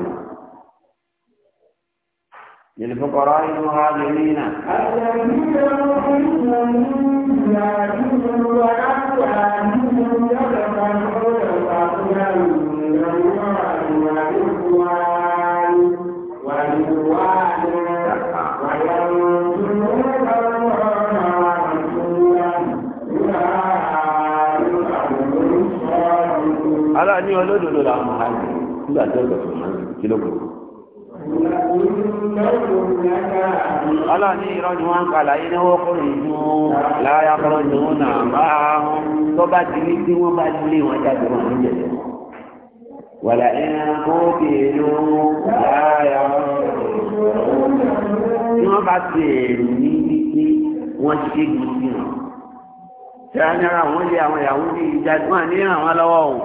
للفقراء المهاجرين الذين يخرجون من ديارهم وأموالهم يبتغون فضلا من الله ورضوان ورضوان وينصرون الله ورسوله أولئك هم الصادقون. ألا أني ولد ولا أمهاتي؟ لا تلبس أمهاتي كيلو كيلو ọlọ́ni irọ́ ni wọ́n ń kalà yìí ní wọ́n kúrò inú láyà kọ́rọ́ ni wọ́n náà bá wọn tó bá ti ní tí wọ́n bá lé wọn jáde wọn ní jẹ̀dẹ̀ wàlà ẹ̀yàn kó bèèrè láyà tí wọ́n bá ti èrò ní wípé wọ́n ṣe gbogbo wọn tí wọ́n yára wọ́n lé àwọn ìyàwó ní ìjà tí wọ́n ní àwọn lọ́wọ́ òun.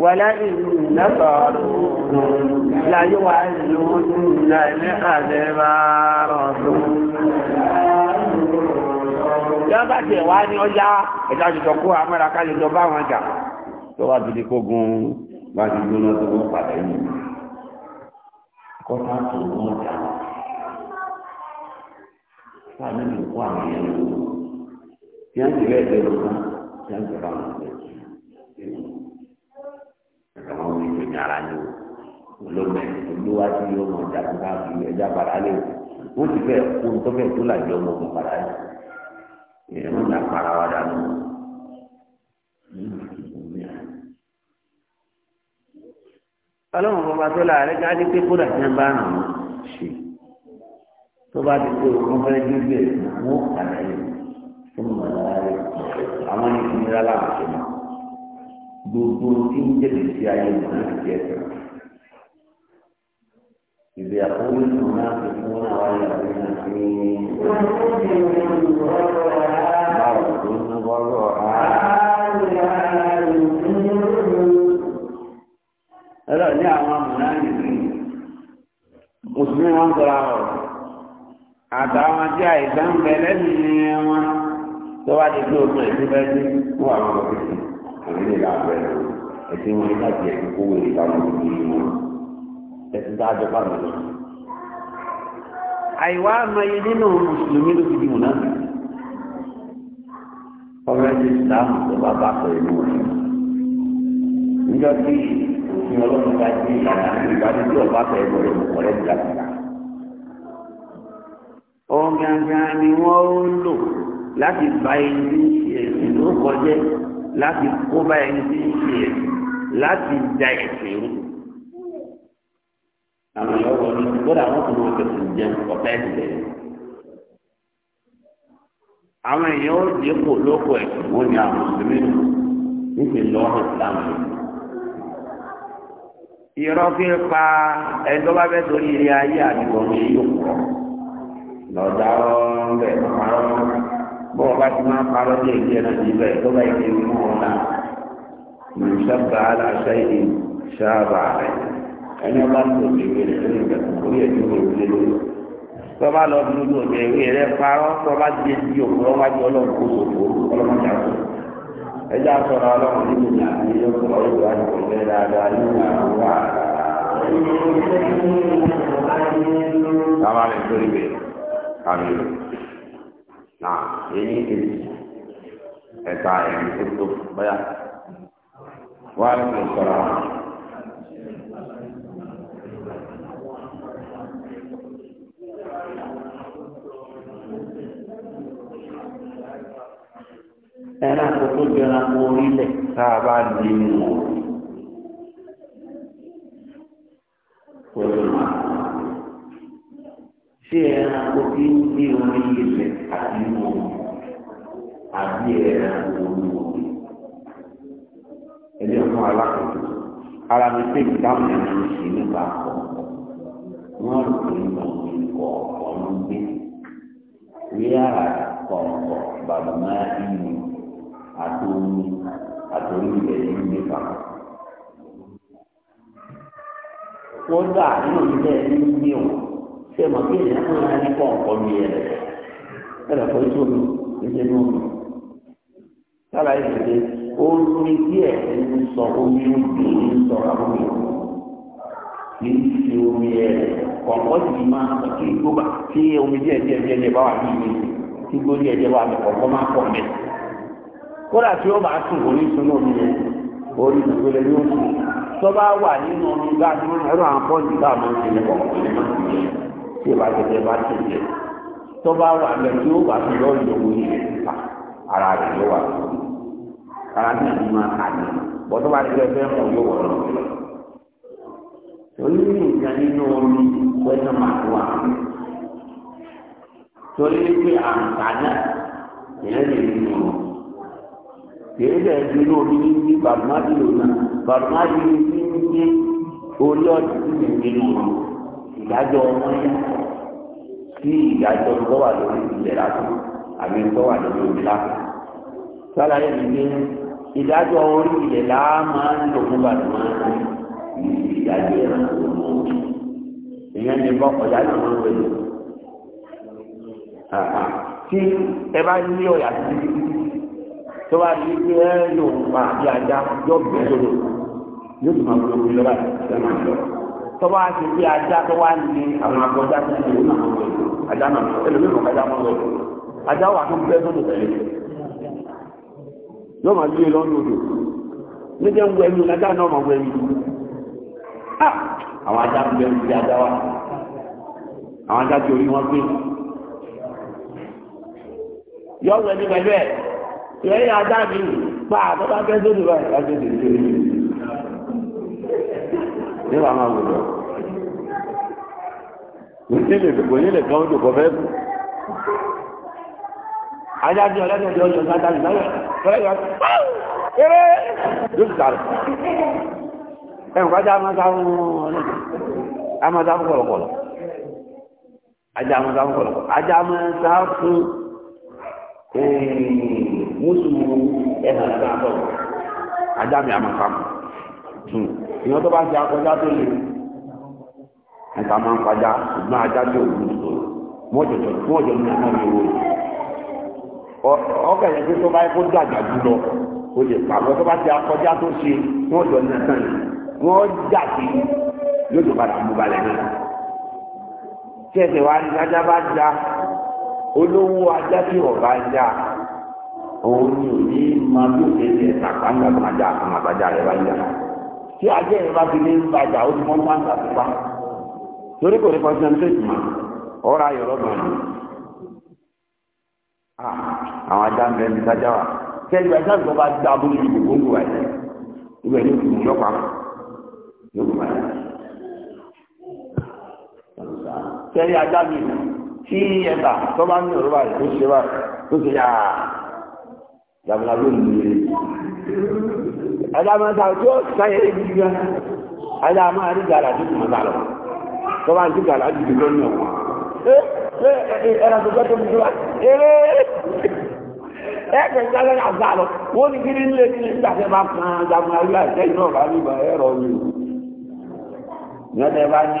ولئن نصروهم ليولون الأدبار lọ́bàá tí ẹ̀wà ní ọjá ẹ̀dá jùjọ kó amẹ́ra ká lè jọ bá wọn jà tó wà tó lè kógun ti gbóná tó wọ́n padà ti rẹ̀ ẹ̀dẹ̀ lọ́gbọ́n ọmọ mi lè ní ara ni o olóògbé olúwájú yóò mọ ìjàkúta fi ẹja padà lé o wọ́n ti fẹ́ kó ń tọ́kẹ́ tó làjọ ọmọ mi padà lé ìyẹn wọ́n dà para wa dànù. ọlọ́run bàbá tó láàárẹ̀ ká ní pé kódà tí wọ́n bá ṣe tó bá ti pé wọ́n fẹ́ gbígbé wọ́n kàlẹ́ yìí fún mọ̀lára rẹ̀ àwọn ìpínlẹ̀ aláwọ̀ ṣe gbogbo tí ń ayé ìlú ti ẹ̀sẹ̀. Ìdè àkọ́wé ìlú náà ti fún àwọn ìyàwó náà ní báwo tó ní àwọn amúnáyìn sí Mùsùlùmí wọn sọ̀rọ̀ àwọn àtàwọn tí àìsàn ń bẹ lẹ́sìn ní wọn tó wá di pé ogun ẹ̀sìn bẹ́ẹ̀ sí fún àwọn ọmọ kékeré. òun lè ra àbẹ lọ ẹsẹ wọn láti ẹsẹ kó wèrè lánàá lórí wọn ẹsẹ tá a jọ bá mi lọ. àìwá amáyé nínú mùsùlùmí ló fi di mùnà ọ̀rọ̀ ẹsẹ ìsìlámù tó bá bá pẹ̀lú wọn. níjọ́ tí òfin ọlọ́run bá dé ìlànà ìgbàlódé ọba pẹ̀lú ọ̀rẹ́ ìjàkúta ọ̀gàngàn ni wọ́n ń lò láti bá ẹni ṣe ẹ̀sìn ló kọjẹ́ láti kó bá ẹni tí ń ṣe ẹ̀ láti da ẹ̀sìn rú. àwọn ìyàwó wọn ní kódà wọn kò mọ kẹsì jẹ ọ̀pá ẹ̀sìn lẹ́yìn. àwọn èèyàn ó dínkù lóko ẹ̀sìn wọn ni àwọn mùsùlùmí nù níbi lọ́rùn ìsìlámù yìí. irọ́ fi ń pa ẹ̀dọ́ bá fẹ́ torí ilé ayé àti ọ̀run yóò pọ̀ lọ́dà ọ̀rọ̀ ń bẹ̀ ọ̀rọ̀ bọ́ ọba ti máa parọ́ ní èdè náà níbẹ̀ tó bá ìdí mú ọ náà mọ̀ sábà aláṣẹ ìdí sábà rẹ̀ ẹni ọba ń lò lè wẹ̀rẹ̀ lórí ìgbà orí ẹ̀dí wò lè lórí tọ́ba lọ bí ojú ọ̀dẹ̀ ìwé rẹ̀ parọ́ tọ́ba di di òkú ọwájú ọlọ́run kó sòfò ọlọ́mọdé àtọ́ ẹjọ́ àtọ́ra ọlọ́run nínú ìyá àti ilé ọkọ̀ ọlọ́run wájú ọ̀gbẹ́ dáadáa nínú àwọn wà á. Sábà rẹ̀ lórí bẹ̀rẹ̀ àmì. Nah ini kejì ẹ̀ka ẹ̀mí tó tó báyà wá ní sọ̀rọ̀ ẹranko tó di ẹranko orílẹ̀ ṣé ẹranko na ń gbé orí ilẹ̀ àti inú omi àbí ẹranko omi omi ẹni ọdún alákòókò ara mi pé ìdáhùn ń ṣe nípa rò pé gbé kọ̀ọ̀kọ̀ bàbá máa àti omi àti wọ́n nínú ilé ṣé ẹ mọ̀ kí èèyàn fún ẹ ní kọ̀ọ̀kọ́ mi yẹn rẹ̀ ẹ lọ fọ iṣu mi níṣẹ́ ní omi sára ìṣẹ̀lẹ̀ omi díẹ̀ ń sọ omi òbí ń sọ àwọn kì í ṣe omi ẹ̀ kọ̀ọ̀kọ́ sì máa sọ kí gbógbà kí omi díẹ̀ díẹ̀ díẹ̀ díẹ̀ bá wà ní ìlú kí gbó díẹ̀ díẹ̀ wà ní kọ̀ọ̀kọ́ máa pọ̀ mẹ́ kódà tí ó bá sùn kò ní omi yẹn orí ìgbélé yóò sùn tọ́ba wà nínú omi gbáàdúró tí ìbá tẹ̀tẹ̀ bá ti jẹ tó bá wà lẹ tí ó bá fi yọ ìyọ̀wò ilẹ̀ nípa ara rẹ̀ ló wà lọ ara náà ni máa kà ní bọ́ tó bá ti fẹ́ mọ̀ yóò wọ̀ lọ lọ. torí nǹkan nínú omi pẹ́ẹ́sẹ̀ máa tó wà torí pé àǹkàná ìyẹn lè nínú wọn kìí dẹ̀ ju omi ní ní bàbá májèlè náà bàbá májèlè ní ní orí ọ̀dùnkún nínú wọn ìdájọ́ wọn yàtọ̀ sí ìdájọ́ tó wà lórí ilẹ̀ lásán àbí tó wà lórí omi lásán. sálàyé mi ní ìdájọ́ orí ilẹ̀ láà máa ń lò fún bàtà máa ń rí ní ìdájọ́ ẹ̀rọ tó mọ̀ ọ́. ìyẹn ní bọ́ ọ̀yá náà máa ń wẹ̀ lò. tí ẹ bá ní ọ̀yà títí tó bá ní pé ẹ yóò pa àbí ajá yóò bẹ̀ẹ́ lòdò yóò tún máa gbé omi lọ́wọ́ àti ìṣẹ́ máa lọ tọ́wọ́ á ti pé ajá tó wá ní àwọn àgbọ̀dá tó ti wọ́n náà lọ́wọ́ ajá náà ẹlòmíì mọ̀ kájá mọ́ lọ́wọ́ ajá wà tó gbẹ́ tó tẹ̀lé yóò máa lé e lọ́nà odò níjẹ́ ń wẹ̀mí ajá náà máa wẹ̀mí àwọn ajá ń bẹ̀rù sí ajá wa àwọn ajá tí orí wọn gbé yọ wẹ̀mí pẹ̀lú ẹ̀ ìrẹ́lẹ̀ ajá mi pa àtọ́bá fẹ́ sódò báyìí ní wàá máa wò lọ. kò ní lè kàn ó jòkó fẹ́ bù. ajá bí ọlẹ́dẹ̀ bí ọjọ́ sáà dájú sáyẹ̀ fẹ́rẹ́ yọ kéré yóò sàrẹ̀. ẹ̀rù kájà máa sá fún ọlẹ́dẹ̀ a máa sá fún kọ̀lọ̀kọ̀lọ̀ ajá máa sá fún kọ̀lọ̀kọ̀lọ̀ ajá máa sá fún eh, mùsùlùmí ẹ̀hàn sáà bọ̀ ajá mi àmọ̀ sáà ìyọ́n tó bá ṣe akọjá tó lè nípa máa ń padà ṣùgbọ́n ajá òun tó mọ́jọ̀jọ̀ mọ́jọ̀ ní ọmọ mi wò ọkọ̀ yẹn tó bá kó dàgbà jùlọ o lè pàgọ́ tó bá ṣe akọjá tó ṣe mọ́jọ̀ ní ẹ̀sán yìí wọ́n jà sí yóò tó padà mú balẹ̀ náà tí ẹsẹ̀ wa ní ajá bá já olówó ajá tí ọ̀bá já òun ni òní máa tó ṣe ṣe ṣàpá nígbà tí ajé ìrọ̀bá fi lé ń gbajà ó ti mọ́ máa ń sàtúpa torí kò ní concentrate mọ́ ọ̀rọ̀ ayọ̀ lọ́gbọ̀n ni àwọn ajá ń bẹ ní sájà wa kẹ́lí ajá ìgbọ́ bá gba abúlé ní gbogbo ńgò wáyé ìwé ní ìlú yọpa yóò gbà yá kẹ́lí ajá mi tí ẹ̀bà tó bá ní ọ̀rọ̀ báyìí tó ṣe báyìí tó ṣe yá yàgbọ́n ló ń lè adámọ́ta tó sáyẹ̀ ya gbígbá adámọ́ àrígbàrà tó kùnmọ̀ bá lọ tó bá ń tí gàrà jù lọ ní ọ̀pọ̀ ẹ̀rọ tó gbọ́tọ̀ bí wá ẹ̀kẹ́ ìgbàlẹ̀ àzá lọ wọ́n ní kiri nílé ní ìgbàfẹ́ bá kan jagun ayé àìsẹ́ ìlú ọ̀bá ẹ̀rọ mi bá ní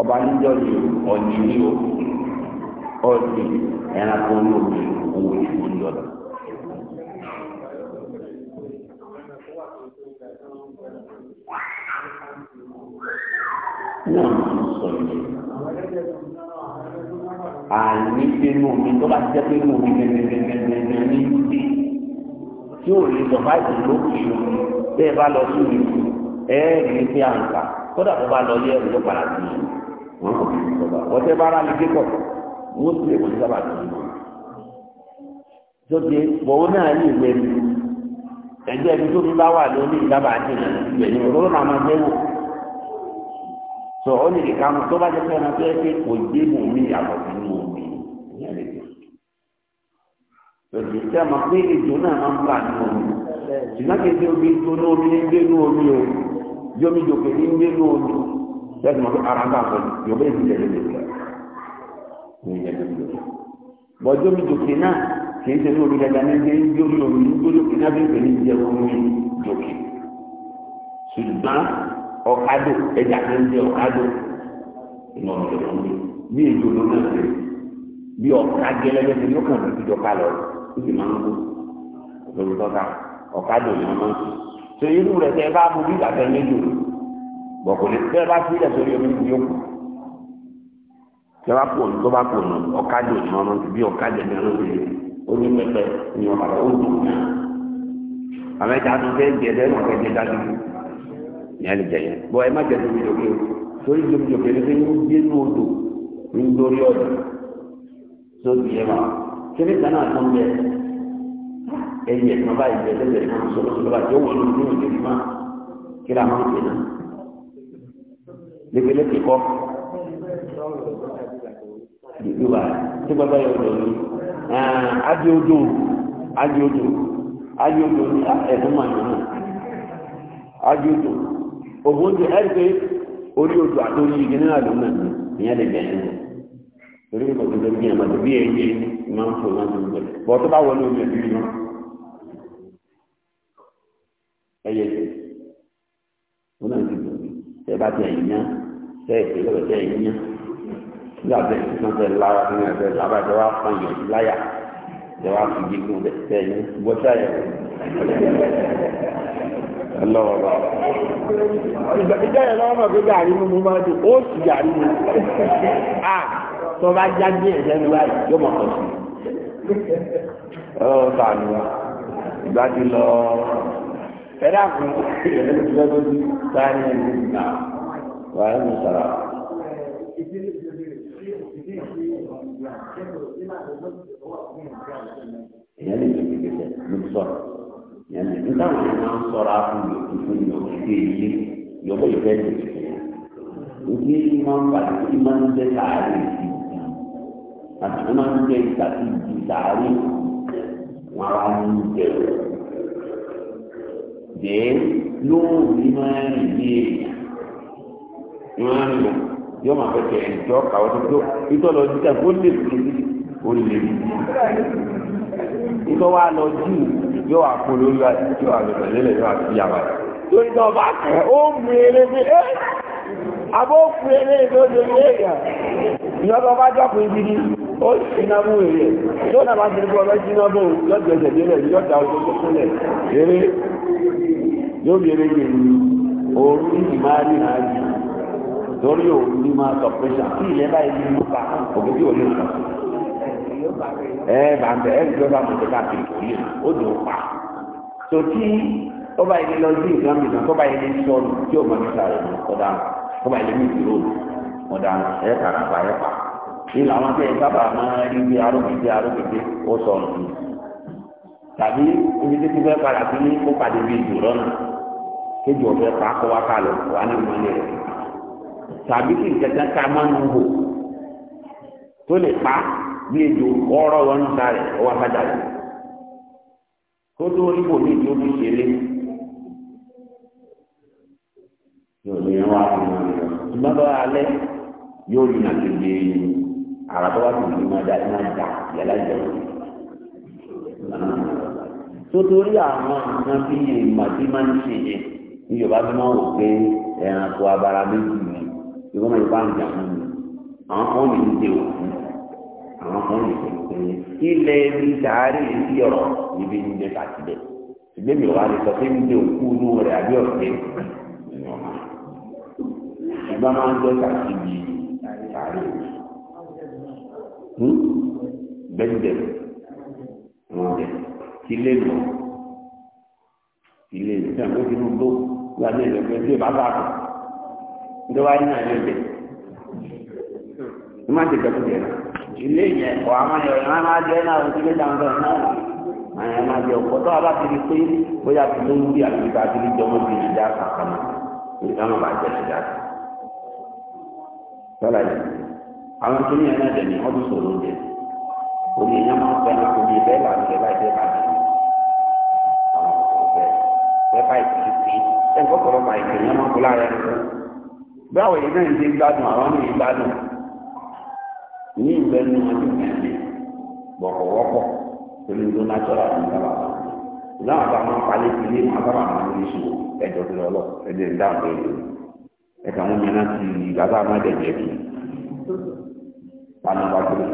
ọba níjọ́ ni ọ̀dì ní o ọ̀dì ẹranko ní omi owó ìṣòwò ní ọ̀dọ̀. náà mo sọ yìí àní sínú omi tó bá jẹ́ pé omi gẹ́gẹ́gẹ́gẹ́gẹ́ ní ìdí tí ò lè sọ báyìí lókè omi bẹ́ẹ̀ bá lọ sí ìlú ẹ̀ẹ́dì ní pé àǹkà kódà tó bá lọ yẹ ẹ̀rù ló padà sí ìlú. wọn kò ní ìjọba wọ́tẹ́ bá ara lè kékọ̀ wọ́n sì lè wọ́n sábà tó nínú náà ní ìwé mi tó fi bá wà lórí ìdábà àti ìgbẹ̀yìn ọrụ náà máa gbẹ́wò sọ ọ ní ìkànnì tó bá jẹ́ pé ẹni tó yẹ pé lẹ́sìn máa fi ara ń bá sọ yóò bẹ́ẹ̀ ti jẹ́ lórí rẹ̀ ní ìyẹn lórí rẹ̀ bọ́jọ́ mi jòkè náà kì í ṣe ní omi dada ní ẹgbẹ́ ń yóò lórí nítorí òkè náà bẹ́ẹ̀ pẹ̀lú ìjẹ́ omi jòkè ṣùgbọ́n ọ̀kadò ẹja kan jẹ́ ọ̀kadò ìnà ọ̀dọ̀ omi ní èdè olómi náà rẹ̀ bí ọ̀kadì ẹlẹ́gbẹ̀ẹ́ ní ọkàn òbí jọ kálọ̀ ó sì máa ń kó lórí tọ́ka ọ̀kadò ni wọ́n máa ń sọ irú rẹ̀ tẹ́ bá bọ̀kùnrin bẹ́ẹ̀ bá fi ilẹ̀ sórí omi ti yókù lọ́ba kò ní lọ́ba kò ní ọ̀kadì òní ọ̀nà bí ọ̀kadì ẹ̀mí ọ̀nà ti orí pẹpẹ ní ọ̀nà ó dùn ní. àmọ́ ẹja tó fẹ́ jẹ ẹ̀dẹ́ náà kẹ́jẹ dájú ní ẹni jẹ yẹn bọ́ ẹ má jẹ tóbi lókè torí tóbi lókè ní fẹ́ yóò gbé ní odò ní lórí ọ̀dọ̀ tó ti yẹ ma kíní kan náà tó bẹ ẹ̀yìn ẹ̀sán báyìí bẹ́ẹ̀ lẹ́sẹ̀ ìfọwọ́sowọ́sowọ́ lékeleke kọ́ yorùbá tí bàbá yóò dọ̀ ní ah, adi odò adi odò adi odò ní ẹ̀fọ́ mà nínú adi odò òfò odò ẹ̀rí pé orí odò àti orí igi nínú àdó náà ìyẹn lè bẹ̀rẹ̀ ní torí kò tó bí ẹ̀ma tó bí ẹ̀yẹ máa ń fò máa ń fò bẹ̀rẹ̀ bọ́ tó bá wọlé omi ẹ̀bí yìí náà ẹ̀yẹ tó ti dùn ẹ̀ ti ẹ̀yìn náà tẹ́ ìpínlẹ̀ tẹ́ ìyẹn nígbà tẹ́ lára fún ẹgbẹ́ lábá tẹ́ wá fún ìyẹn láyà tẹ́ wá fi gígùn rẹ̀ tẹ́ ìyẹn gbọ́sẹ̀ àyẹ̀wò ọlọ́wọ́ bá. ìgbà mú máa dùn ó sì gàrí mú. a tó bá já dé ẹ̀jẹ̀ lọ. sáré ẹ̀ wà á ní sara. ìyá lè tún kékeré ló sọ ìyá lè tún táwọn èèyàn máa ń sọra fún yòókù fún yòókù sí ilé yòókù yòókù ẹ̀ tẹ̀lé òkú yìí máa ń padà sí máa ń jẹ sàárè sí àti wọn máa ń jẹ ìgbà tí ìdí sàárè wọn á ń jẹ o. Dèé lóhùn ní máa ń rìn bí èèyàn. ìran yóò máa fẹ́ ẹ̀jọ́ kàwọ́ tó tó ìtọ́ lọ jí kẹ́kọ̀ọ́ lè fi ó lè rí ìtọ́ wa lọ jù yóò wà kó lórí wa yóò wà lọ tẹ̀lé yóò wà sí yàrá bá ó ẹ́ àbó tó lè rí bá ibi ni ó mú tó náà bá bọ́ọ̀lọ́ sí iná bóun ẹ̀sẹ̀ délẹ̀ yóò torí òun ní máa sọ pé sàn kí ilẹ̀ báyìí ní nípa òkè tí òun lè sọ. ẹ bá ń bẹ ẹ gbé bá mọ̀ nípa kiri kò lè ó dùn ó pa. tó tí ó bá yẹ lọ sí nǹkan mìíràn tó bá yẹ lè sọ ọ́nù tí ó mọ̀ nípa rẹ̀ ọ̀dà tó bá yẹ lè mí ìdúró ọ̀dà ẹ kàrà bá ẹ pa. ilé àwọn tẹ sábà máa rí bí arógbèdé ó sọ ọ̀nù tàbí ibi tí ti fẹ́ padà tàbí kí nǹkan ká máa ń hò tó lè pa bí ejò ọ̀rọ̀ wọn ń ta rẹ ọwọ́ afájà rẹ kó tó rí bò ní ìdí ó fi ṣeré yóò ní wọn á fi wọn lọ ìgbà bá alẹ́ yóò rìn àti gbé ara tó bá tó ní máa dá máa dà yàrá ìjọba tó torí àwọn nǹkan bí ìmọ̀ tí máa ń ṣe yẹn ní Yorùbá tó máa wò pé ẹranko abara ni ìwọ́n máa bá ń jà mọ́ mi àwọn kan lè dé òkú àwọn kan lè dé òkú ilẹ̀ ibi sàárè sí ọ̀rọ̀ níbi ní ilẹ̀ kàtí bẹ̀ ṣùgbọ́n mi ò wá lè sọ pé ń dé òkú inú rẹ̀ àbí ọ̀sẹ̀ ìgbà máa ń gbọ́ kàtí bí sàárè bẹ́ẹ̀ wọn bẹ̀ kí lọ kí lè lọ sí àwọn ìdílé gbó wà ní ìlẹ̀kùn bàbá àgbà. ndị wáyé náà yóò dé má ti gbẹ̀kú dé náà ilé yẹn ọ̀ àmàlẹ̀ ọ̀yàn á na jẹ́ náà oṣù méjì àwọn ọ̀dọ́ náà àyàn máa jẹ ọ̀pọ̀ tó a bá ti di pé bóyá ti ló ń bí àti ìgbà tí ìjọ ọmọ bíi ìdá kàkàmà ìdá náà bá jẹ ìdá sọ́la yìí àwọn tó ní ẹ̀rọ ẹ̀dẹ̀ni ọdún sọ̀rọ̀ oúnjẹ òní máa ń láì ń máa ń kó báwo yìí náà ń ṣe gbádùn àwọn ní ìgbádùn ní ìgbẹ́ ní wọn ti gbẹ̀ ṣe bọ̀kọ̀wọ́pọ̀ pẹ̀lú tó náṣọ́ra ní sábà láwọn bá máa ń palẹ̀ sí ilé máa sábà máa ń lè ẹjọ́ tó lọ́lọ́ ẹjẹ́ ń dáhùn lórí ẹ̀ka wọn yẹn náà ti bàbá máa dẹ̀jẹ̀ kí pàánù bá tó lọ.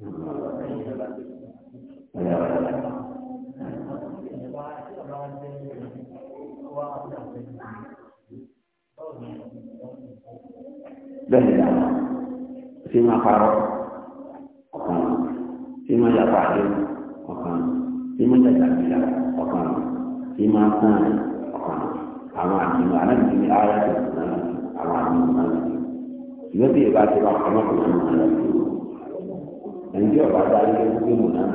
Thank you. bẹ́ẹ̀ ni àwọn tí máa parọ́ ọ̀kan tí máa yàtọ̀ àdé ọ̀kan tí máa yàtọ̀ àbíyá ọ̀kan tí máa tán ọ̀kan àwọn àdìmọ̀ aláìsí ní ara tó náà àwọn àdìmọ̀ náà ṣùgbọ́n tí ìbá ti wá ọmọkùnrin náà lọ sí i ẹni tí ọba dá ilé gbogbo mọ̀ náà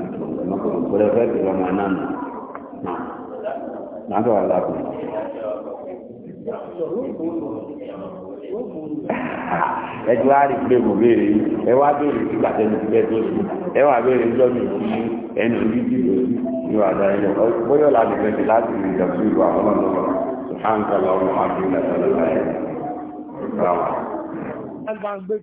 ọmọkùnrin kò lè fẹ́ ọmọ náà nù náà tó wà lápò. ẹjọ àárín pé mo béèrè ẹ wá béèrè sí gbàtẹnu ti bẹ́ẹ̀ tó sí ẹ wá béèrè ńjọ mi sí ẹnu orí ti lò sí ìwà àdáyé lọ bóyá ọ̀la ti bẹ̀rẹ̀ láti rí ìjọba ìwà ọlọ́run lọ sùhánù kọlọ ọmọ àbí ìlànà ọlọ́run láyé.